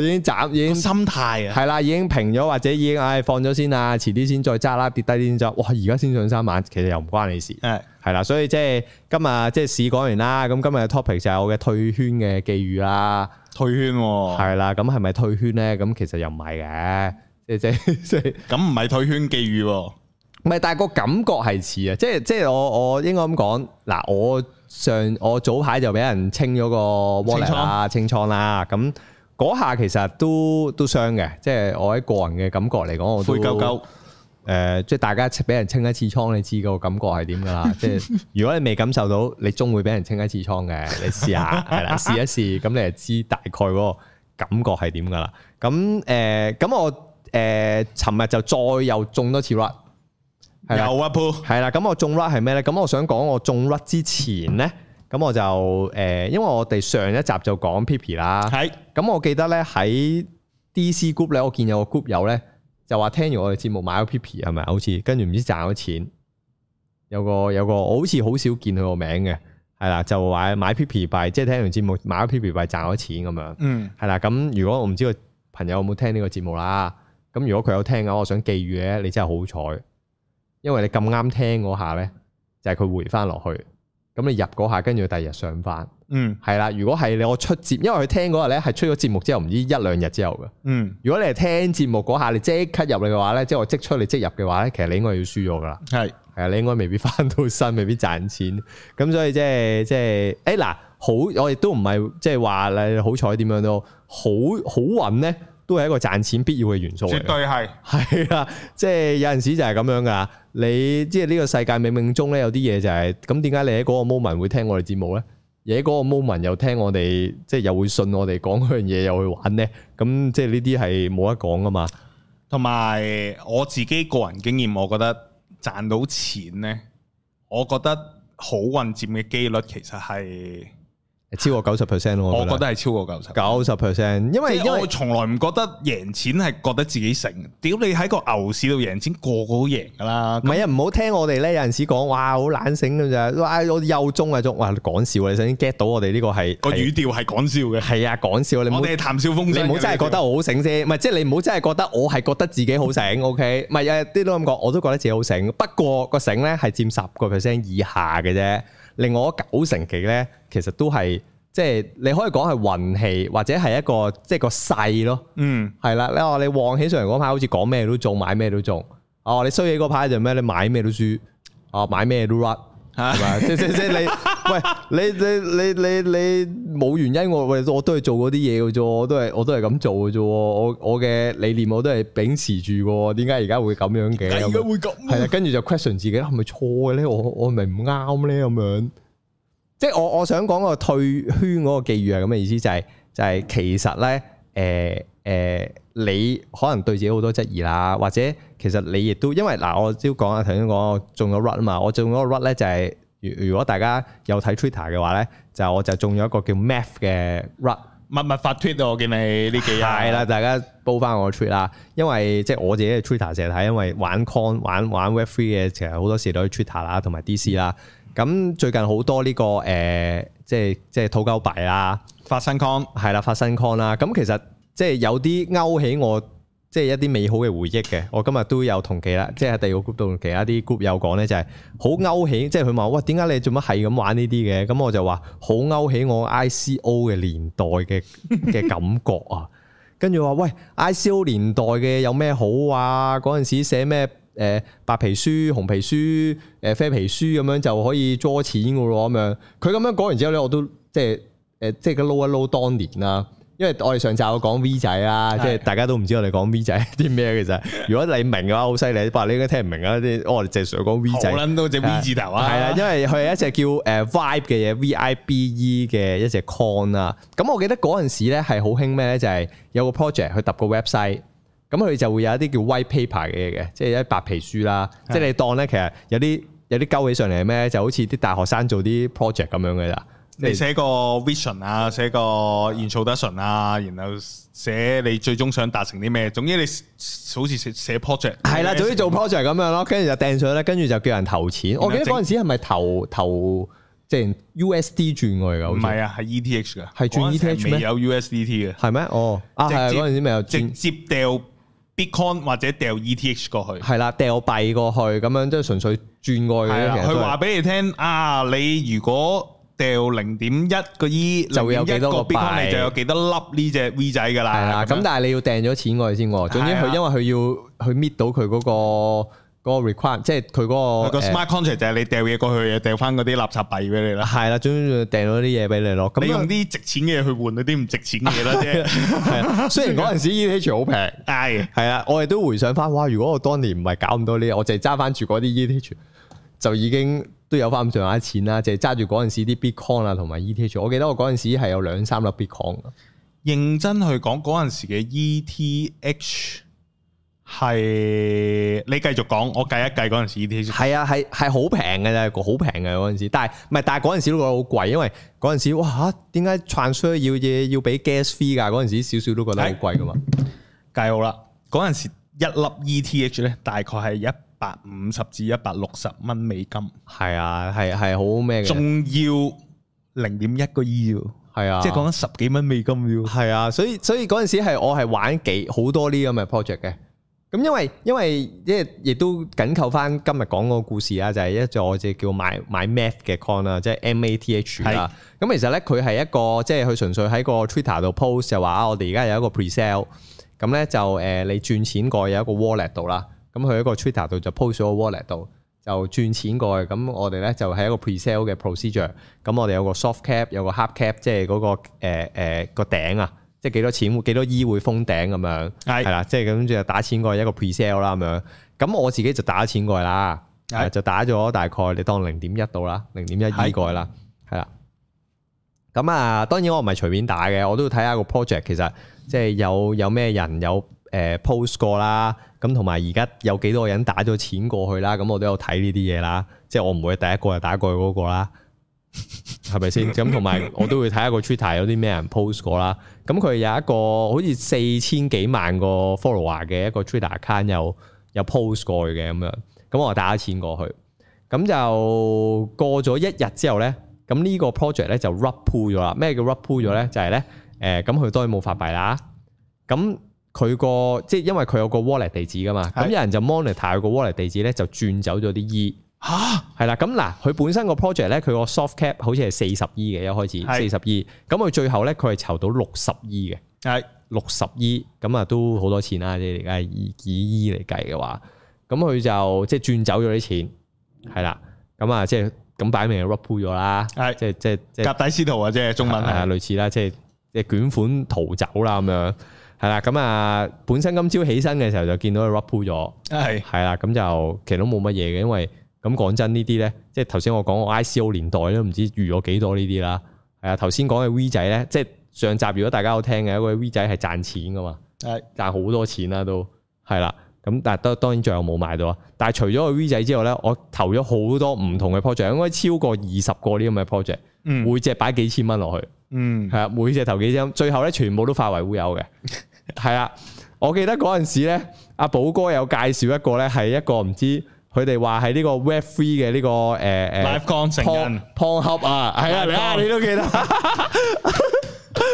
已經斬，已經心態啊，係啦，已經平咗，或者已經唉、哎、放咗先啦，遲啲先再揸啦，跌低先揸。哇，而家先上三萬，其實又唔關你事。係。係啦，所以即係今日即係市講完啦。咁今日嘅 topic 就係我嘅退圈嘅寄語啦。退圈，係啦。咁係咪退圈咧？咁其實又唔係嘅。即即即咁唔係退圈寄語，唔係，但係個感覺係似啊。即即我我應該咁講。嗱，我上我早排就俾人清咗個窩嚟啦，清倉啦。咁嗰下其實都都傷嘅。即係我喺個人嘅感覺嚟講，我都。誒，即係、呃就是、大家清俾人清一次倉，你知個感覺係點噶啦？ 即係如果你未感受到，你終會俾人清一次倉嘅。你試下係啦，試 一試，咁你就知大概嗰個感覺係點噶啦。咁誒，咁、呃、我誒、尋、呃、日就再又中多次 rug，又啊 pull 係啦。咁我中 rug 係咩咧？咁我想講我中 rug 之前咧，咁我就誒、呃，因為我哋上一集就講 pepe 啦，係的。咁我記得咧喺 DC group 咧，我見有個 group 友咧。就話聽完我哋節目買咗 P P 係咪？好似跟住唔知賺咗錢，有個有個我好似好少見佢個名嘅，係啦就話買 P P 幣，即係聽完節目買 P P 幣賺咗錢咁樣。嗯，係啦，咁如果我唔知個朋友有冇聽呢個節目啦，咁如果佢有聽嘅話，我想寄語咧，你真係好彩，因為你咁啱聽嗰下咧，就係佢回翻落去。咁你入嗰下，跟住第二日上翻，嗯，係啦。如果係你我出節，因為佢聽嗰日咧係出咗節目之後，唔知一兩日之後噶。嗯，如果你係聽節目嗰下，你即刻入嚟嘅話咧，即係我即出嚟即入嘅話咧，其實你應該要輸咗噶啦。係係啊，你應該未必翻到身，未必賺錢。咁所以即係即係，誒嗱，好，我亦都唔係即係話你好彩點樣都好好運咧。都係一個賺錢必要嘅元素，絕對係係啊！即係、就是、有陣時就係咁樣噶。你即係呢個世界冥冥中咧有啲嘢就係、是、咁，點解你喺嗰個 moment 會聽我哋節目咧？而喺嗰個 moment 又聽我哋，即、就、係、是、又會信我哋講嗰樣嘢，又會玩咧？咁即係呢啲係冇得講噶嘛？同埋我自己個人經驗，我覺得賺到錢咧，我覺得好運佔嘅幾率其實係。超過九十 percent 咯，我覺得係超過九十。九十 percent，因為因為我從來唔覺得贏錢係覺得自己醒。屌，你喺個牛市度贏錢，個個都贏噶啦。唔係啊，唔好聽我哋咧，有陣時講哇，好懶醒噶咋？哇，我右中啊中，哇，講笑啊，你先 get 到我哋呢個係個語調係講笑嘅。係啊，講笑你。我哋係談笑風生。你唔好真係覺得我好醒先。唔係即係你唔好真係覺得我係覺得自己好醒。OK，唔係誒，啲都咁講，我都覺得自己好醒。不過個醒咧係占十個 percent 以下嘅啫。另外九成幾咧，其實都係即係你可以講係運氣，或者係一個即係、就是、個勢咯。嗯，係啦，你話你旺起上嚟嗰排，好似講咩都中，買咩都中。哦，你衰起嗰排就咩？你買咩都輸，哦，買咩都甩。係嘛？即即即你喂你你你你你冇原因我喂我都係做嗰啲嘢嘅啫，我都係我都係咁做嘅啫。我我嘅理念我都係秉持住嘅。點解而家會咁樣嘅？點解會咁、啊？係啦，跟住就 question 自己，係咪錯嘅咧？我我係咪唔啱咧咁樣。即我我想講個退圈嗰個寄語啊，咁嘅意思就係、是、就係、是、其實咧，誒、呃、誒。呃你可能對自己好多質疑啦，或者其實你亦都因為嗱，我朝講啊，頭先講中咗 rut 啊嘛，我中咗個 rut 咧就係、是、如如果大家有睇 Twitter 嘅話咧，就我就中咗一個叫 Math 嘅 rut，密密發 tweet 啊，我見你呢幾日，係啦，大家煲翻我 tweet 啦，因為即係、就是、我自己嘅 Twitter 成日睇，因為玩 Con 玩玩 Web3 嘅，其實好多時都喺 Twitter 啦，同埋 DC 啦，咁最近好多呢、這個誒、呃，即係即係土狗幣啊，發新 Con 係啦，發新 Con 啦，咁其實。即係有啲勾起我即係一啲美好嘅回憶嘅，我今日都有同佢啦，即係第二個 group 度同其他啲 group 友講咧，就係好勾起，即係佢話喂，點解你做乜係咁玩呢啲嘅？咁我就話好勾起我 ICO 嘅年代嘅嘅感覺啊！跟住話喂，ICO 年代嘅有咩好啊？嗰陣時寫咩誒白皮書、紅皮書、誒啡皮書咁樣就可以捉錢噶咯咁樣。佢咁樣講完之後咧，我都即係誒即係佢撈一撈當年啦。因為我哋上集我講 V 仔啦，即係的大家都唔知道我哋講 V 仔啲咩嘅啫。其實如果你明嘅話，好犀利。不過，你應該聽唔明啊啲，我哋淨係想講 V 仔，我諗到隻 V 字頭啊。係啊，因為佢係一隻叫誒 Vibe 嘅嘢，V I B E 嘅一隻 Con 啦。咁我記得嗰陣時咧係好興咩咧，就係有個 project 去揼個 website，咁佢就會有一啲叫 White Paper 嘅嘢嘅，即係一啲白皮書啦。即係的你當咧，其實有啲有啲鳩起上嚟咩，就好似啲大學生做啲 project 咁樣嘅咋。你寫個 vision 啊，寫個 introduction 啊，然後寫你最終想達成啲咩？總之你好似寫 project 係啦，總之做 project 咁樣咯。跟住就掟上去咧，跟住就叫人投錢。我記得嗰陣時係咪投投即係 USD 轉過嚟噶？唔係啊，係 ETH 噶，係轉 ETH 咩？有 USDT 嘅係咩？哦，啊係嗰陣時咪有直接掉 Bitcoin 或者掉 ETH 過去？係啦，掉幣過去咁樣，即係純粹轉過去嘅。佢話俾你聽啊，你如果掉零點一個 E 就會有幾多個幣，就有幾多粒呢隻 V 仔噶啦。係啦，咁但係你要訂咗錢過去先喎。總之佢因為佢要去搣到佢嗰個嗰個 requirement 即係佢嗰個個 smart contract 就係你掉嘢過去，又掉翻嗰啲垃圾幣俾你啦。係啦，總之訂咗啲嘢俾你咯。你用啲值錢嘅嘢去換嗰啲唔值錢嘅嘢啦啫。係啊，雖然嗰陣時 ETH 好平，係係啊，我哋都回想翻哇，如果我當年唔係搞咁多呢，我淨係揸翻住嗰啲 ETH 就已經。都有翻咁上下錢啦，就係揸住嗰陣時啲 Bitcoin 啊同埋 ETH。我記得我嗰陣時係有兩三粒 Bitcoin 嘅。認真去講嗰陣時嘅 ETH 係你繼續講，我計一計嗰陣時 ETH。係啊，係係好平嘅咋，好平嘅嗰陣時。但係唔係？但係嗰陣時都覺得好貴，因為嗰陣時哇嚇，點解轉出要嘢要俾 Gas Fee 㗎？嗰陣時少少都覺得好貴㗎嘛。計好啦，嗰陣時一粒 ETH 咧，大概係一百五十至一百六十蚊美金，係啊，係係好咩嘅？仲要零點一個 E 喎，係啊，即係講緊十幾蚊美金要，係啊，所以所以嗰陣時係我係玩幾好多呢咁嘅 project 嘅，咁因為因為即係亦都緊扣翻今日講個故事啦，就係一座即係叫買買 math 嘅 coin 啦，即係 math 啦。咁其實咧，佢係一個即係佢純粹喺個 twitter 度 post 就話，我哋而家有一個 pre-sale，咁咧就誒你賺錢過有一個 wallet 度啦。咁佢喺個 Twitter 度就 post 咗個 wallet 度，就轉錢過去。咁我哋咧就係一個 pre-sale 嘅 procedure。咁我哋有個 soft cap，有個 hard cap，即係嗰、那個誒誒個頂啊，即係幾多錢，幾多依、e、會封頂咁樣。係係啦，即係咁就打錢過去，一個 pre-sale 啦咁樣。咁我自己就打錢過去啦的、啊，就打咗大概你當零點一到啦，零點一依過去啦，係啦的。咁啊的，當然我唔係隨便打嘅，我都要睇下個 project。其實即係有有咩人有。誒 post 過啦，咁同埋而家有幾多人打咗錢過去啦？咁我都有睇呢啲嘢啦，即係我唔會第一個就打過去嗰個啦，係咪先？咁同埋我都會睇一個 Twitter 有啲咩人 post 過啦。咁佢有一個好似四千幾萬個 follower 嘅一個 Twitter account 有有 post 過去嘅咁樣，咁我打咗錢過去，咁就過咗一日之後咧，咁呢個 project 咧就 rug pull 咗啦。咩叫 rug pull 咗咧？就係咧誒，咁佢當然冇發幣啦，咁。佢個即係因為佢有個 wallet 地址噶嘛，咁的有人就 monitor 佢個 wallet 地址咧，就轉走咗啲 E 蛤。嚇，係啦，咁嗱，佢本身個 project 咧，佢個 soft cap 好似係四十 E 嘅一開始，四十的 E，咁佢最後咧佢係籌到六十 E 嘅，係六十 E，咁啊都好多錢啦，即係而家係以 E 嚟計嘅話，咁佢就即係轉走咗啲錢，係啦，咁啊即係咁擺明係 rug pull 咗啦，係即係即係，夾帶私逃啊，即係中文啊，類似啦，即係即係捲款逃走啦咁樣。係啦，咁啊，本身今朝起身嘅時候就見到佢 rug pull 咗，係係啦，咁就其實都冇乜嘢嘅，因為咁講真呢啲咧，即係頭先我講我 ICO 年代都唔知遇咗幾多呢啲啦，係啊，頭先講嘅 V 仔咧，即係上集如果大家有聽嘅，嗰個 V 仔係賺錢噶嘛，係的賺好多錢啦都，係啦，咁但係都當然最後冇買到啊，但係除咗個 V 仔之外咧，我投咗好多唔同嘅 project，應該超過二十個呢咁嘅 project，每隻擺幾千蚊落去，嗯，係啊，每隻投幾千，最後咧全部都化為烏有嘅。 係啦，我記得嗰陣時咧，阿寶哥有介紹一個咧，係一個唔知佢哋話係呢個 Web Three 嘅呢個誒誒，LiveCon 成人碰盒啊，係啊，你啊你都記得，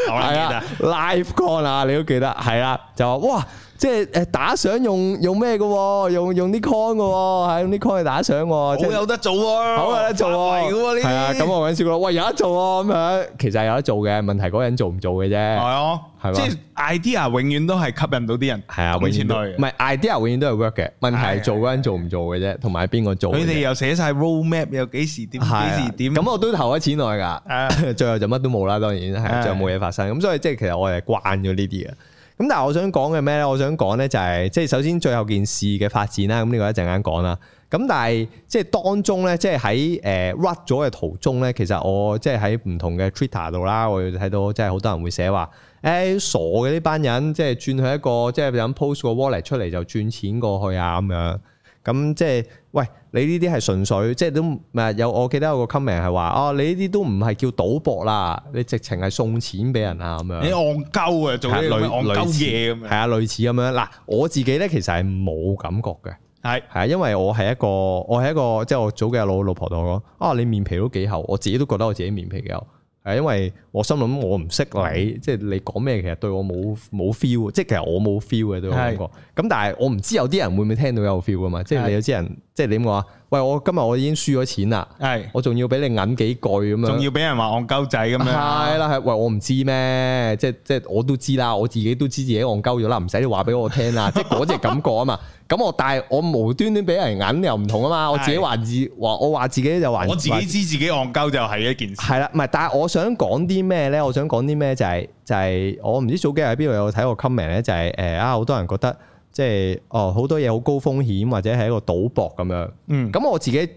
係啊，LiveCon 啊，你都記得，係啦，就話哇。即係誒，打賞用用咩嘅？用用啲 Coin 嘅，係用啲 Coin 去打賞。好有得做，好有得做，係啊！咁我講笑喂有得做啊！咁樣其實有得做嘅，問題嗰個人做唔做嘅啫。係啊，係嘛。即係 idea 永遠都係吸引到啲人，係啊，永遠都唔係 idea 永遠都係 work 嘅。問題係做嗰人做唔做嘅啫，同埋邊個做。你哋又寫晒 road map，又幾時點？幾時點？咁我都投咗錢落去噶。誒，最後就乜都冇啦，當然係，就冇嘢發生。咁所以即係其實我係慣咗呢啲嘅。咁但係我想講嘅咩咧？我想講咧就係、是、即係首先最後件事嘅發展啦。咁、這、呢個一陣間講啦。咁但係即係當中咧，即係喺 Rug 咗嘅途中咧，其實我即係喺唔同嘅 Twitter 度啦，我睇到即係好多人會寫話誒、欸、傻嘅呢班人，即係轉去一個即係想 post 個 wallet 出嚟就轉錢過去啊咁樣。咁即係，喂，你呢啲係純粹，即係都，唔係有我記得有個 comment 係話，哦，你呢啲都唔係叫賭博啦，你直情係送錢俾人啊咁樣。你戇鳩啊，做啲戇鳩嘢咁樣。係似啊，類似咁樣。嗱，我自己咧其實係冇感覺嘅。係是，係啊，因為我係一個，我係一個，即係我早幾日老老婆同我講，啊，你面皮都幾厚，我自己都覺得我自己面皮幾厚。因為我心諗我唔識你，嗯、即係你講咩其實對我冇冇 feel，即係其實我冇 feel 嘅呢個感覺。咁是的 但係我唔知有啲人會唔會聽到有 feel 啊嘛，是的 即係有啲人是的 即係點講？我今日我已經輸咗錢啦，係是，我仲要俾你揞幾句咁樣，仲要俾人話戇鳩仔咁樣，係啦，喂，我唔知咩，即係即係我都知啦，我自己都知自己戇鳩咗啦，唔使你話俾我聽啦，即係嗰隻感覺啊嘛，咁 我但係我無端端俾人揞又唔同啊嘛，的我自己話自話我話自己就話，我自己知自己戇鳩就係一件事，係啦，唔係，但係我想講啲咩咧？我想講啲咩就係就係我唔知早幾日喺邊度有睇過 comment 咧，就係誒啊，好多人覺得。即係哦，好多嘢好高風險，或者係一個賭博咁樣。嗯，咁我自己，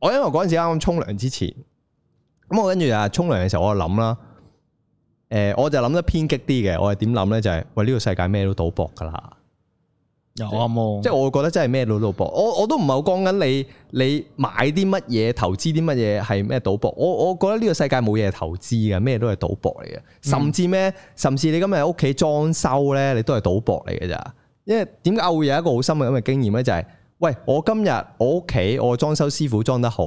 我因為嗰陣時啱啱沖涼之前，咁我跟住啊沖涼嘅時候我、呃，我就諗啦，誒，我就諗得偏激啲嘅。我係點諗咧？就係、是、喂，呢、呢個世界咩都賭博噶啦，有啊嘛。即係我覺得真係咩都賭博。我我都唔係好講緊你，你買啲乜嘢，投資啲乜嘢係咩賭博。我我覺得呢個世界冇嘢投資嘅，咩都係賭博嚟嘅，甚至咩，甚至你今日喺屋企裝修咧，你都係賭博嚟嘅咋。因為點解我會有一個好深嘅咁嘅經驗咧？就係，喂，我今日我屋企我裝修師傅裝得好，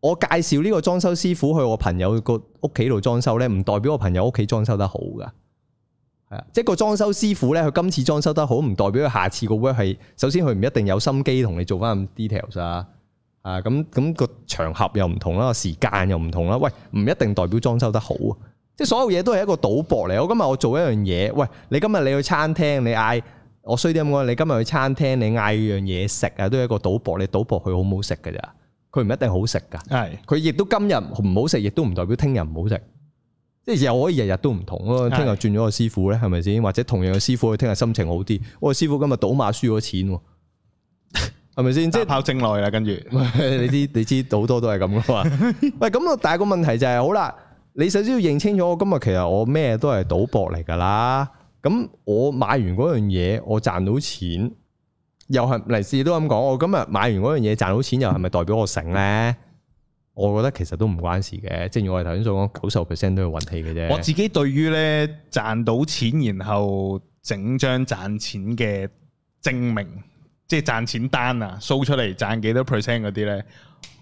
我介紹呢個裝修師傅去我朋友個屋企度裝修咧，唔代表我朋友屋企裝修得好噶。係啊，即係個裝修師傅咧，佢今次裝修得好，唔代表佢下次個 work 係。首先佢唔一定有心機同你做翻 details 啊。啊，咁咁個場合又唔同啦，時間又唔同啦。喂，唔一定代表裝修得好啊。即係所有嘢都係一個賭博嚟，我今日我做一樣嘢，喂，你今日你去餐廳，你嗌，我衰啲咁講，你今日去餐廳，你嗌樣嘢食啊，都係一個賭博，你賭博佢好唔好食噶咋，佢唔一定好食噶，係，佢亦都今日唔好食，亦都唔代表聽日唔好食，即係又可以日日都唔同咯，聽日轉咗個師傅咧，係咪先？或者同樣個師傅，佢聽日心情好啲，喂，師傅今日賭馬輸咗錢，係咪先？即係跑正耐啦，跟住，你知你知，好多都係咁噶嘛，喂，咁啊，第二個問題就係，好啦。你首先要認清楚，我今日其實我咩都係賭博嚟噶啦。咁我買完嗰樣嘢，我賺到錢，又係嚟士都咁講，我今日買完嗰樣嘢賺到錢，又係咪代表我醒咧？我覺得其實都唔關事嘅，正如我哋頭先所講九十 percent 都係運氣嘅啫。我自己對於咧賺到錢，然後整張賺錢嘅證明，即係賺錢單啊 show 出嚟賺幾多 percent 嗰啲咧，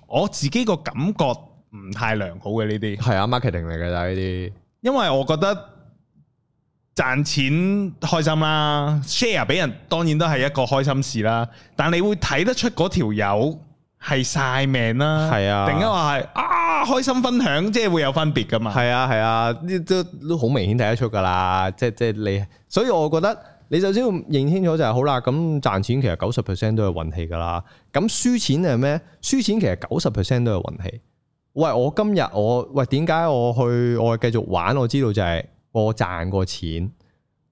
我自己個感覺。唔太良好嘅呢啲，係啊，marketing 嚟嘅就呢啲。因為我覺得賺錢開心啦，share 俾人當然都係一個開心事啦、啊。但你會睇得出嗰條友係晒命啦，係啊，定一話係啊，是是啊開心分享，即係會有分別噶嘛？係啊係啊，呢、啊、都都好明顯睇得出噶啦。即係即係你，所以我覺得你就只要認清楚就係、是、好啦。咁賺錢其實九十 percent 都係運氣噶啦，咁輸錢係咩？輸錢其實九十 percent 都係運氣。喂，我今日我喂點解我去我繼續玩，我知道就係我賺過錢。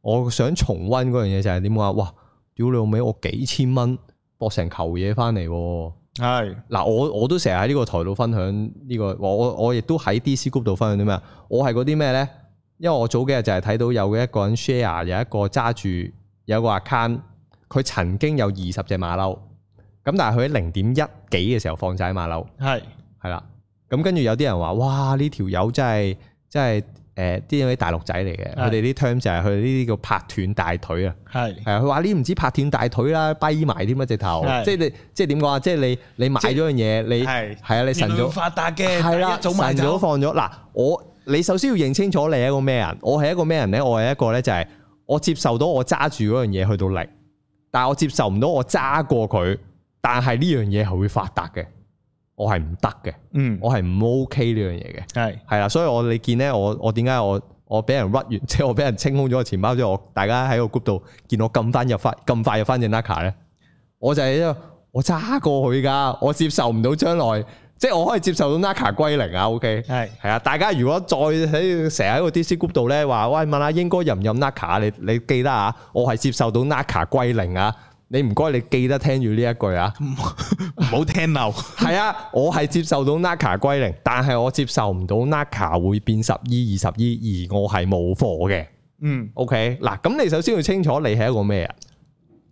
我想重溫嗰樣嘢就係點啊？哇！屌你老味，我幾千蚊博成球嘢翻嚟喎。係嗱是，我我都成日喺呢個台度分享呢個，我我我亦都喺 DC Group 度分享啲咩？我係嗰啲咩咧？因為我早幾日就係睇到有嘅一個人 share 有一個揸住有一個 account，佢曾經有二十隻馬騮，咁但係佢喺零點一幾嘅時候放晒啲馬騮。係係啦。咁跟住有啲人話，哇！呢條友真係真係誒啲咁啲大陸仔嚟嘅，我哋啲 term 就係佢呢啲叫拍斷大腿啊！係係佢話呢唔知拍斷大腿啦，跛埋添啊直頭的即！即係你即係點講啊？即係你你買咗樣嘢，你係啊你神早發達嘅係啦，早神早放咗嗱。我你首先要認清楚你係一個咩人？我係一個咩人咧？我係一個咧就係我接受到我揸住嗰樣嘢去到力，但係我接受唔到我揸過佢。但係呢樣嘢係會發達嘅。我係唔得嘅，嗯，我係唔 OK 呢樣嘢嘅，係係啦，所以我你見咧，我我點解我我俾人屈完，即係我俾人清空咗個錢包之後，我大家喺個 group 度見我咁快入翻咁快入翻隻 NACA 咧，我就係因為我揸過去噶，我接受唔到將來，即係我可以接受到 NACA 歸零啊，OK，係係啊，大家如果再喺成日喺個 DC group 度咧，話喂，問下鷹哥，入唔入 NACA，你你記得啊，我係接受到 NACA 歸零啊。你唔該，你記得聽住呢一句啊！唔好聽漏。係 啊，我係接受到 Naka 歸零，但係我接受唔到 Naka 會變十億、二十億，而我係冇貨嘅。嗯，OK。嗱，咁你首先要清楚你係一個咩人？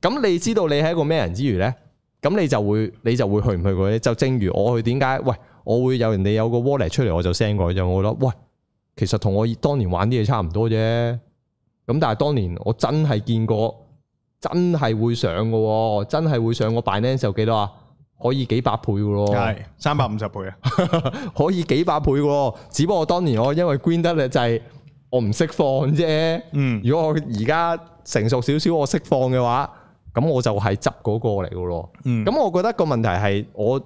咁你知道你係一個咩人之餘呢？咁你就會你就會去唔去嗰啲，就正如我去點解？喂，我會有人你有個 wallet 出嚟，我就 send 過佢，就我覺得，喂，其實同我當年玩啲嘢差唔多啫。咁但係當年我真係見過。真係會上嘅，真係會上我 Binance 就幾多啊，可以幾百倍嘅咯，係三百五十倍啊， 可以幾百倍嘅，只不過我當年我因為 green 得咧就係我唔識放啫，嗯，如果我而家成熟少少，我識放嘅話，咁我就係執嗰個嚟嘅咯，嗯，咁我覺得個問題係我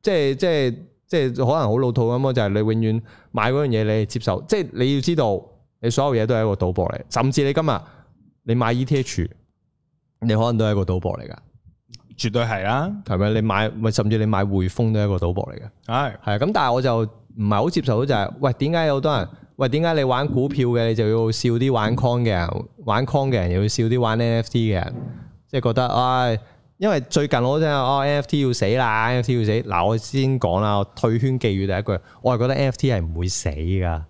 即係即係即係可能好老土咁咯，就係你永遠買嗰樣嘢你接受，即係你要知道你所有嘢都係一個賭博嚟，甚至你今日你買 ETH。你可能都係一個賭博嚟噶，絕對係啦，啊，係咪？你買甚至你買匯豐都係一個賭博嚟嘅，係係，咁但係我就唔係好接受就係、是、喂，點解有好多人喂？點解你玩股票嘅你就要笑啲玩 coin 嘅人？玩 coin 嘅人又要笑啲玩 NFT 嘅人？即係覺得唉，哎，因為最近我真係，哦，NFT 要死啦，NFT 要死。嗱，我先講啦，我退圈寄語第一句，我係覺得 NFT 係唔會死㗎。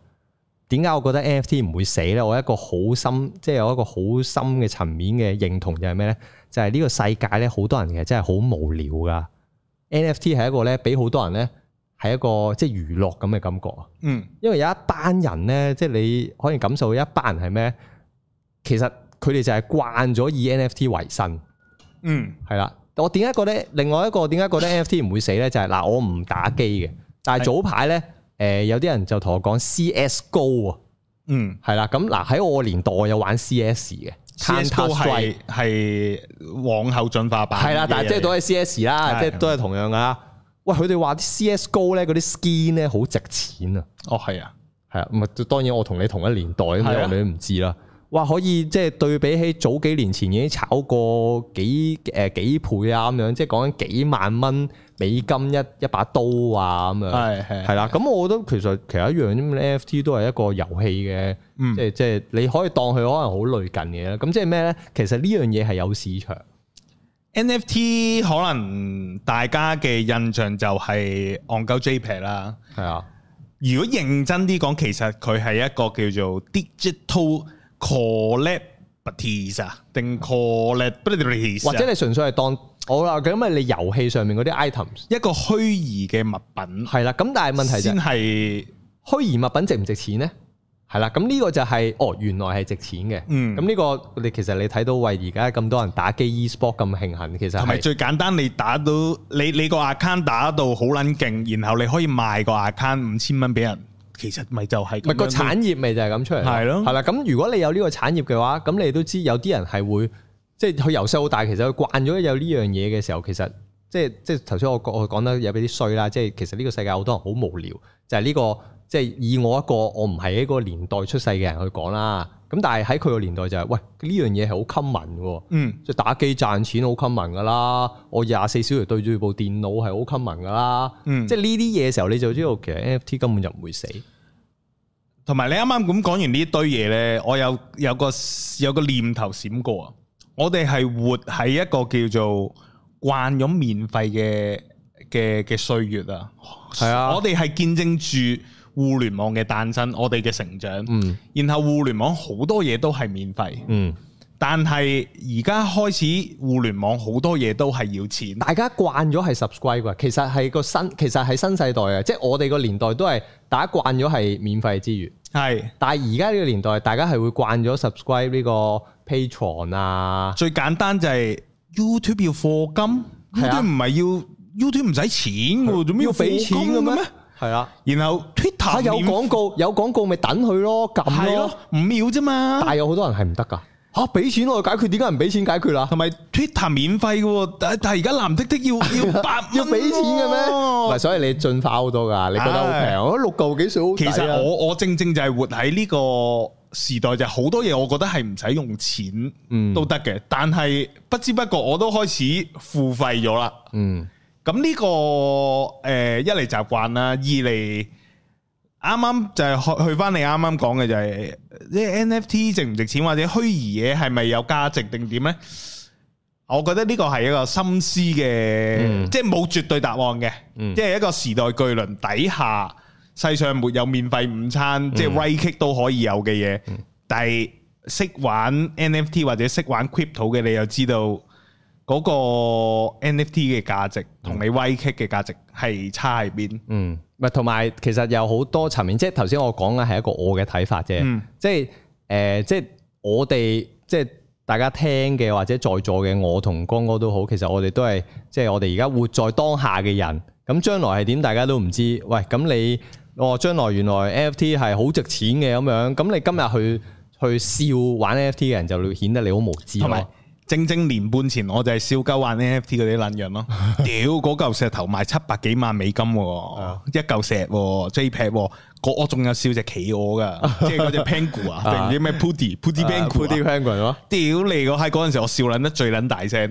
點解我覺得 NFT 唔會死咧？我一個好深，即係有一個好深嘅層、就是、面嘅認同就，就係咩咧？就係呢個世界咧，好多人其實真係好無聊噶。NFT 係一個咧，俾好多人咧，係一個即係娛樂咁嘅感覺啊。嗯，因為有一班人咧，即、就、係、是、你可以感受到一班人係咩？其實佢哋就係慣咗以 NFT 為生。嗯，係啦。我點解覺得另外一個點解覺得 NFT 唔會死咧？就係、是、嗱，我唔打機嘅，但係早排咧。誒，有啲人就同我講 C.S. Go 啊，嗯，係啦，咁嗱喺我年代我有玩 C.S. 嘅，C.S. Go 係係往後進化版，係啦，但係即係都係 C.S. 啦，的即係都係同樣噶。的喂，佢哋話啲 C.S. Go 咧，嗰啲 skin 咧好值錢啊！哦的，係啊，係啊，咁啊，當然我同你同一年代，咁樣的你都唔知啦。哇，可以即係對比起早幾年前已經炒過幾誒幾倍啊咁樣，即係講緊幾萬蚊。美金一一把刀啊，咁啊，係係係啦，咁的的我覺得其實其實一樣咁 NFT 都係一個遊戲嘅，即係即係你可以當佢可能好類近嘅啦。咁即係咩咧？其實呢樣嘢係有市場。NFT 可能大家嘅印象就係 JPEG 啦，係啊，的。如果認真啲講，其實佢係一個叫做 digital collectibles 定 collectibles，或者你純粹係當。我啦，咁咪、哦、你遊戲上面嗰啲 items，一個虛擬嘅物品。係啦，咁但係問題先係是虛擬物品值唔值錢咧？係啦，咁呢個就係、是、哦，原來係值錢嘅。嗯，咁呢個你其實你睇到喂，而家咁多人打機 e-sport 咁慶幸，其實係咪最簡單，你打到你你個 account 打到好撚勁，然後你可以賣個 account 五千蚊俾人，其實咪就係咪個產業咪就係咁出嚟。係咯的。係啦，咁如果你有呢個產業嘅話，咁你都知有啲人係會。即係佢由細到大，其實佢慣咗有呢樣嘢嘅時候，其實即係即係頭先我我講得有啲衰啦。即係其實呢個世界好多人好無聊，就係呢個即係以我一個我唔係一個年代出世嘅人去講啦。咁但係喺佢個年代就係喂呢樣嘢係好 common 嘅，嗯，即係打機賺錢好 common 噶啦。我廿四小時對住部電腦係好 common 噶啦，嗯，即係呢啲嘢嘅時候你就知道其實 NFT 根本就唔會死。同埋你啱啱咁講完呢一堆嘢咧，我有有個有個念頭閃過啊！我哋係活喺一個叫做慣咗免費嘅嘅嘅歲月啊，係啊！我哋係見證住互聯網嘅誕生，我哋嘅成長，嗯。然後互聯網好多嘢都係免費，嗯。但係而家開始互聯網好多嘢都係要錢。大家慣咗係 subscribe，其實係個新，其實係新世代啊！即係我哋個年代都係大家慣咗係免費資源，係。但係而家呢個年代，大家係會慣咗 subscribe 呢個。Pay 床啊！最簡單就係 YouTube 要課金，YouTube 唔係要 YouTube 唔使錢嘅，做咩要俾錢嘅咩？係啊，然後 Twitter、啊、有廣告有廣告咪等佢咯，撳咯五、啊、秒啫嘛。但係有好多人係唔得噶。吓，俾、啊、錢我、啊、解決，點解唔俾錢解決啦、啊？同埋 Twitter 免費嘅，但係而家藍剔剔要要八、啊、 要俾錢嘅咩？唔係， 所以你進化好多噶，你覺得好平？我、哎、六嚿幾少、啊？其實我我正正就係活喺呢個時代，就好多嘢，我覺得係唔使用錢都得嘅。嗯、但係不知不覺我都開始付費咗啦。嗯，咁呢、個誒、呃、一嚟習慣啦，二嚟。啱啱就係去翻你啱啱講嘅就係即係 NFT 值唔值錢，或者虛擬嘢係咪有價值定點呢？我覺得呢個係一個心思嘅，嗯、即係冇絕對答案嘅，嗯、即係一個時代巨輪底下，世上沒有免費午餐，嗯、即係威劇都可以有嘅嘢。嗯、但係識玩 NFT 或者識玩 Crypto 嘅，你又知道嗰個 NFT 嘅價值同你威劇嘅價值係差喺邊？嗯。同埋其實有好多層面，即係頭先我講嘅係一個我嘅睇法啫、嗯呃。即係誒，即係我哋即係大家聽嘅或者在座嘅，我同光哥都好。其實我哋都係即係我哋而家活在當下嘅人。咁將來係點，大家都唔知。喂，咁你哦將來原來 NFT 係好值錢嘅咁樣，咁你今日去去笑玩 NFT 嘅人，就會顯得你好無知。正正年半前，我就係燒鳩玩 NFT 嗰啲撚樣咯。屌，嗰嚿石頭賣七百幾萬美金，一嚿石 JPEG，我我仲有笑隻企鵝噶，即係嗰隻 Penguin 啊，定唔知咩 Pudgy Pudgy Penguin 咯。屌你，我喺嗰陣時我笑撚得最撚大聲，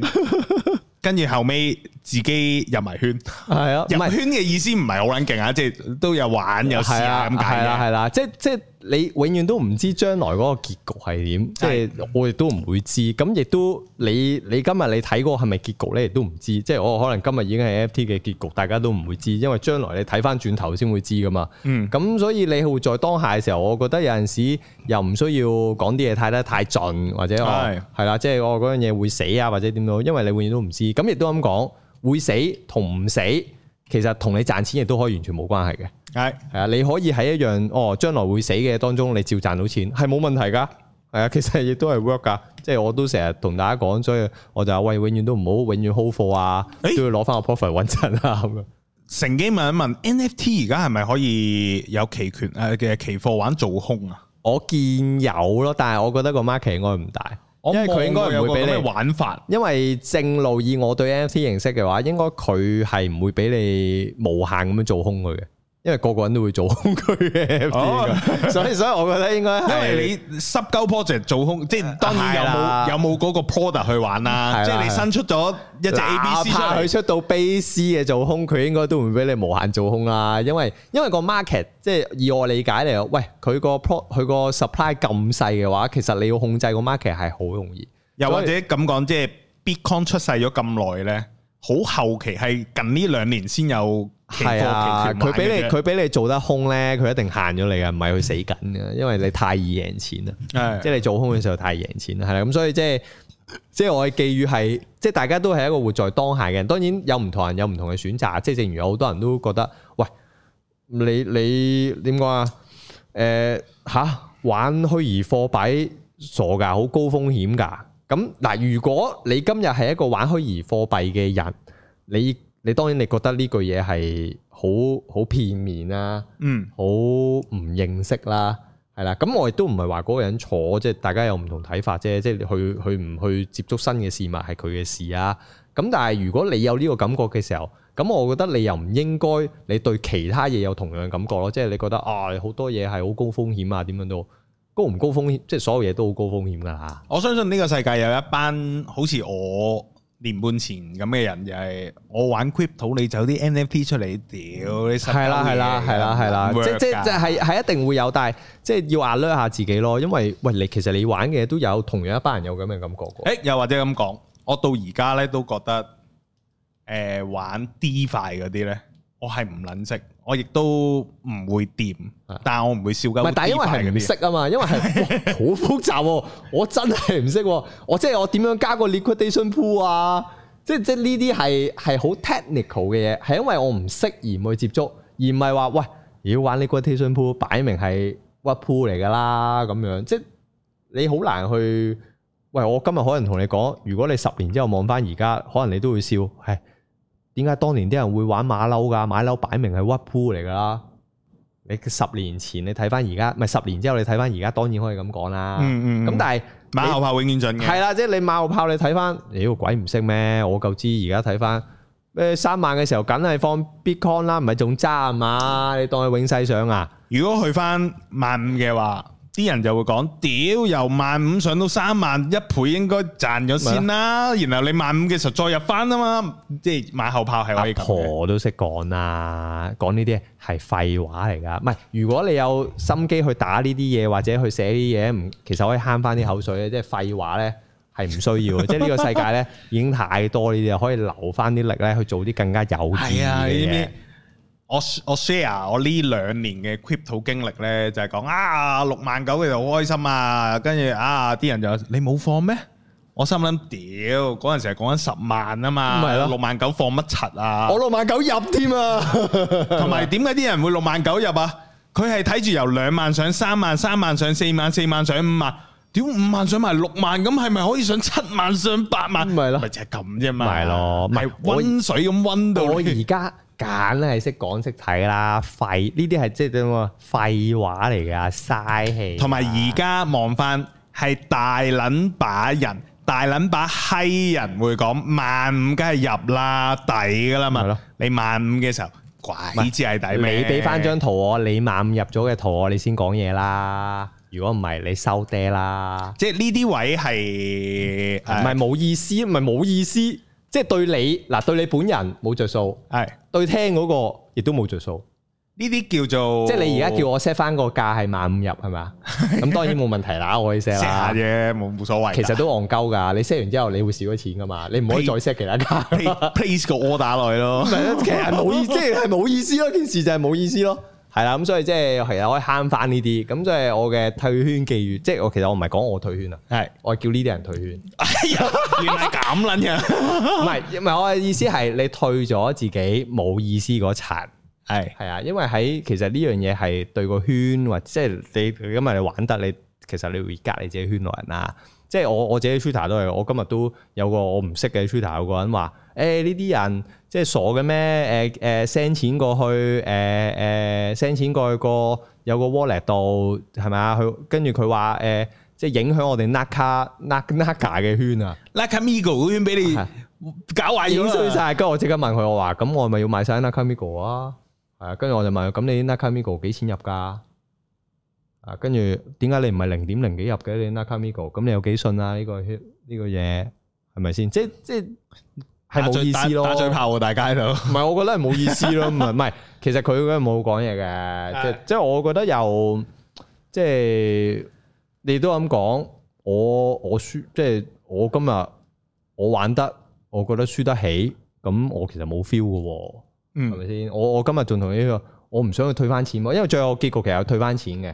跟住後尾自己入埋圈，係啊，入埋圈嘅意思唔係好撚勁啊，即係都有玩有試啊咁解嘅，係啦，即係即係。你永遠都唔知將來嗰個結局係點，即係我亦都唔會知。咁亦都你你今日你睇過係咪結局咧，亦都唔知。即係我可能今日已經係 FT 嘅結局，大家都唔會知，因為將來你睇翻轉頭先會知噶嘛。嗯，咁所以你喺在當下嘅時候，我覺得有陣時又唔需要講啲嘢睇得太盡，或者係係啦，即係我嗰樣嘢會死啊，或者點樣，因為你永遠都唔知。咁亦都咁講，會死同唔死。其實同你賺錢亦都可以完全冇關係嘅，係係啊，你可以喺一樣哦將來會死嘅當中，你照賺到錢係冇問題噶，係啊，其實亦都係 work 噶，即係我都成日同大家講，所以我就話喂，永遠都唔好永遠 hold 貨啊，欸、都要攞翻個 profit 穩陣啊，咁啊誒，乘機 問一問 NFT 而家係咪可以有期權誒嘅，呃、期貨玩做空啊？我見有咯，但係我覺得個 market 應該唔大。因為佢應該唔會俾你玩法，因為正路以我對 MC 認識嘅話，應該佢係唔會俾你無限咁樣做空佢嘅。因為個個人都會做空佢嘅，哦、所以所以我覺得應該，因為你濕鳩 project 做空，即係當然有冇有冇嗰個 product 去玩啦。即係你新出咗一隻 A B C，佢出到 base 嘅做空，佢應該都會俾你無限做空啦，啊。因為因為個 market，即係以我理解嚟講，喂，佢個佢個 supply 咁細嘅話，其實你要控制個 market 係好容易。又或者咁講，即係 Bitcoin 出世咗咁耐咧。好後期係近呢兩年先有係啊！佢俾你佢俾你做得空咧，佢一定限咗你嘅，唔係佢死緊嘅，因為你太易贏錢啦。係。即係你做空嘅時候太易贏錢啦，係啦，咁所以即係即係我嘅寄語係即係大家都係一個活在當下嘅人。當然有唔同人有唔同嘅選擇，即係正如有好多人都覺得，喂，你你點講啊？誒、呃、嚇玩虛擬貨幣傻噶，好高風險噶。咁嗱，如果你今日係一個玩虛擬貨幣嘅人，你你當然你覺得呢句嘢係好好片面啦，嗯，好唔認識啦，係啦。咁我亦都唔係話嗰個人錯，即係大家有唔同睇法啫。即係去去唔去接觸新嘅事物係佢嘅事啊。咁但係如果你有呢個感覺嘅時候，咁我覺得你又唔應該你對其他嘢有同樣感覺咯。即係你覺得啊，好多嘢係好高風險啊，點樣都。高唔高風險？即、就、係、是、所有嘢都好高風險噶嚇。我相信呢個世界有一班好似我年半前咁嘅人、就是，就係我玩 Crypto，你走啲 NFT 出嚟，屌你！係啦、嗯，係啦，係啦，係啦，即係即係，係、就是、一定會有，但係即係要 alert 下自己咯。因為喂，你其實你玩嘅都有同樣一班人有咁嘅感覺。誒、欸，又或者咁講，我到而家咧都覺得，誒、呃、玩 DeFi 嗰啲咧。我係唔撚識，我亦都唔會掂，啊、但我唔會笑鳩。但係，因為係唔識啊嘛， 因為係好複雜、啊，我真係唔識。我即係我點樣加個 liquidation pool 啊？即即呢啲係係好 technical 嘅嘢，係因為我唔識而唔去接觸，而唔係話喂，如果玩 liquidation pool 擺明係屈 pool 嚟㗎啦咁樣。即你好難去喂，我今日可能同你講，如果你十年之後望翻而家，可能你都會笑係。點解當年啲人會玩馬騮㗎？馬騮擺明係屈鋪嚟㗎啦！你十年前你睇翻而家，唔係十年之後你睇翻而家，當然可以咁講啦。嗯嗯。咁但係馬後炮永遠準嘅。係啦，即係你馬後炮你，你睇翻，妖鬼唔識咩？我夠知而家睇翻，誒三萬嘅時候梗係放 Bitcoin 啦，唔係仲揸係嘛？你當佢永世上啊？如果去翻萬五嘅話。啲人就會講，屌由萬五上到三萬一倍應該賺咗先啦。然後你萬五嘅時候再入翻啊嘛，即係馬後炮係我阿婆都識講啦。講呢啲係廢話嚟㗎。唔係如果你有心機去打呢啲嘢或者去寫啲嘢，唔其實可以慳翻啲口水咧。即係廢話咧係唔需要嘅。 即係呢個世界咧已經太多呢啲，可以留翻啲力咧去做啲更加有意義嘅嘢。我我 share 我呢兩年嘅 crypto 經歷咧，就係講啊六萬九嘅就好開心啊，跟住啊啲人就話，你冇放咩？我心諗，屌嗰陣時係講緊十萬啊嘛，六萬九放乜柒啊？我六萬九入添啊，同埋點解啲人會六萬九入啊？佢係睇住由兩萬上三萬，三萬上四萬，四萬上五萬，屌五萬上埋六萬，咁係咪可以上七萬上八萬？咪咯咪就係咁啫嘛，咪咯咪溫水咁溫到我而家。梗係識講識睇啦，廢呢啲係即係點啊？廢話嚟噶，嘥氣。同埋而家望翻係大捻把人，大捻把閪人會講萬五梗係入啦，抵噶啦嘛。係咯，你萬五嘅時候鬼知係抵咩？你俾翻張圖我，你萬五入咗嘅圖我，你先講嘢啦。如果唔係，你收爹啦。即係呢啲位係唔係冇意思？唔係冇意思，即係對你嗱，對你本人冇着數。係。對聽嗰個亦都冇著數，呢啲叫做即係你而家叫我 set 翻個價係萬五入係嘛？咁當然冇問題啦，我可以 set 啦。s e 冇冇所謂。其實都戇鳩㗎，你 set 完之後你會少咗錢㗎嘛？你唔可以再 set 其他價。Please go 個 r 打來咯。唔係啊，其實冇意即係冇意思咯，件事 就係冇意思咯。 係啦，咁所以即係其實可以慳翻呢啲，咁所以我嘅退圈寄語，即係我其實我唔係講我退圈啊，係的我叫呢啲人退圈。哎、呀 原來咁撚樣，唔 係，唔係我嘅意思係你退咗自己冇意思嗰層，係係啊，因為喺其實呢樣嘢係對個圈或者即係你，今日你玩得你，其實你會隔你自己圈內人啊，即係我我自己 twitter 都係，我今日都有個我唔識嘅 twitter 有個人話。誒呢啲人即係傻嘅咩？誒誒 send 錢過去，誒誒 send 錢過去個有個 wallet 度係咪啊？佢跟住佢話誒，即係影響我哋 naka naka 嘅圈啊，naka migo 圈俾你搞壞影響晒，跟住我即刻問佢，我話咁我咪要買晒 naka migo 啊？係啊，跟住我就問佢，咁你 naka migo 幾錢入㗎？啊，跟住點解你唔係零點零幾入嘅？你 naka migo 咁你有幾信啊？呢、呢個圈呢、呢個嘢係咪先？即即。即即即係冇意思咯，打嘴打炮喎！大街度，唔係我覺得係冇意思咯，唔係唔係，其實佢嗰陣冇講嘢嘅，即即係我覺得又即係你都咁講，我我輸，即係我今日我玩得，我覺得輸得起，咁我其實冇 feel 嘅，嗯，係咪先？我我今日仲同呢個，我唔想去退翻錢，因為最後結局其實退翻錢嘅，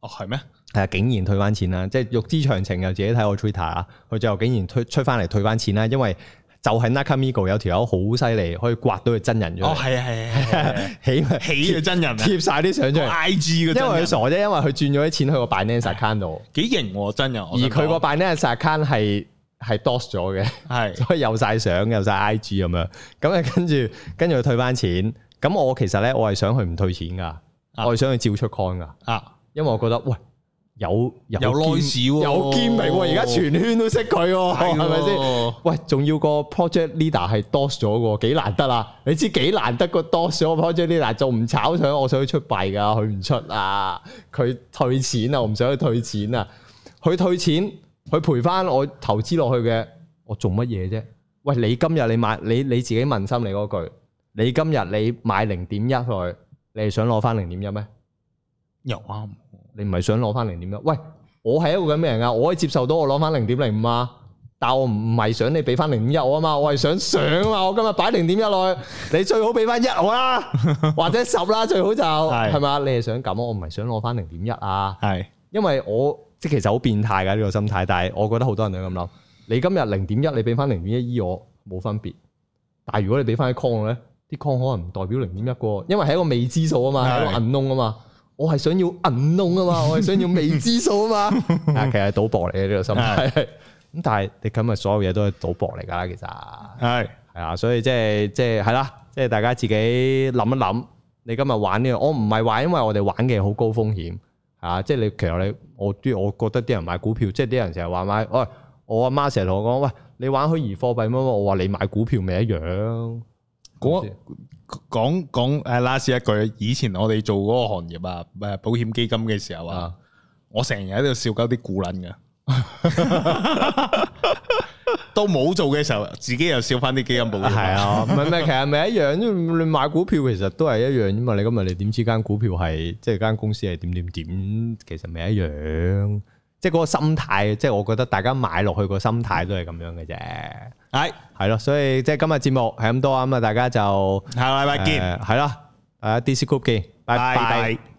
哦係咩？係啊，竟然退翻錢啦！即係欲知詳情又自己睇我 Twitter 啊，佢最後竟然退出翻嚟退翻錢啦，因為。就係 Nakamigo 有條友好犀利，可以刮到佢真人出嚟哦，係啊係啊，起起、啊啊啊、 貼真人、啊貼，貼晒啲相出嚟。I G 個 IG、啊因，因為佢傻啫，因為佢轉咗啲錢去個 Binance Account 度、哎。幾型喎真人？而佢個 Binance Account 係 Dos 咗嘅，係可、啊、以有晒相、有晒 I G 咁樣。咁啊，跟住跟住佢退翻錢。咁我其實咧，我係想去唔退錢噶，我係想去照出 Con 噶。啊，啊因為我覺得喂。有有 l e 有兼嚟，而家、哦、全圈都識佢，係咪先？喂，仲要個 project leader 係 dos 咗個，幾難得啊！你知幾難得個 dos 咗 project leader 仲唔炒上，我想佢出幣噶，佢唔出啊，佢退錢啊，我唔想去退錢啊，佢退錢，佢賠翻我投資落去嘅，我做乜嘢啫？喂，你今日你買你你自己問心你嗰句，你今日你買零點一落去，你係想攞翻零點一咩？又啱。你唔係想攞翻零點一？喂，我係一個咁嘅人啊，我可以接受到我攞翻零點零五啊，但係我唔係想你俾翻零點一我啊嘛，我係想上啊，我今日擺零點一落去，你最好俾翻一我啦， 或者十啦，最好就係係嘛，你係想咁，我唔係想攞翻零點一啊，係是，因為我即其實好變態嘅呢個心態，但係我覺得好多人都咁諗，你今日零點一，你俾翻零點一依我冇分別，但係如果你俾翻啲 con 咧，啲 con 可能唔代表零點一個，因為係一個未知數啊嘛，係是一個銀窿啊嘛。我係想要銀弄啊嘛，我係想要未知數啊嘛，啊 其實賭博嚟嘅呢個心態，咁但係你今日所有嘢都係賭博嚟噶啦，其實係係啊，是所以即係即係係啦，即係大家自己諗一諗，你今日玩呢個，我唔係話因為我哋玩嘅好高風險，吓，即係你其實你我啲我覺得啲人買股票，即係啲人成日話買，喂，我阿媽成日同我講，喂，你玩虛擬貨幣乜乜，我話你買股票咪一樣，講講誒，last 一句，以前我哋做嗰個行業啊，誒，保險基金嘅時候啊，嗯、我成日喺度笑鳩啲股捻㗎， 都冇做嘅時候，自己又笑翻啲基金部。係 啊，唔係咩？其實咪一樣，你買股票其實都係一樣，因為你今日你點知間股票係即係間公司係點點點？其實咪一樣，即係嗰個心態，即係我覺得大家買落去個心態都係咁樣嘅啫。係，係咯，所以即係今日節目係咁多啊，咁啊大家就下禮拜見，係啦，喺 DC group 見，拜拜。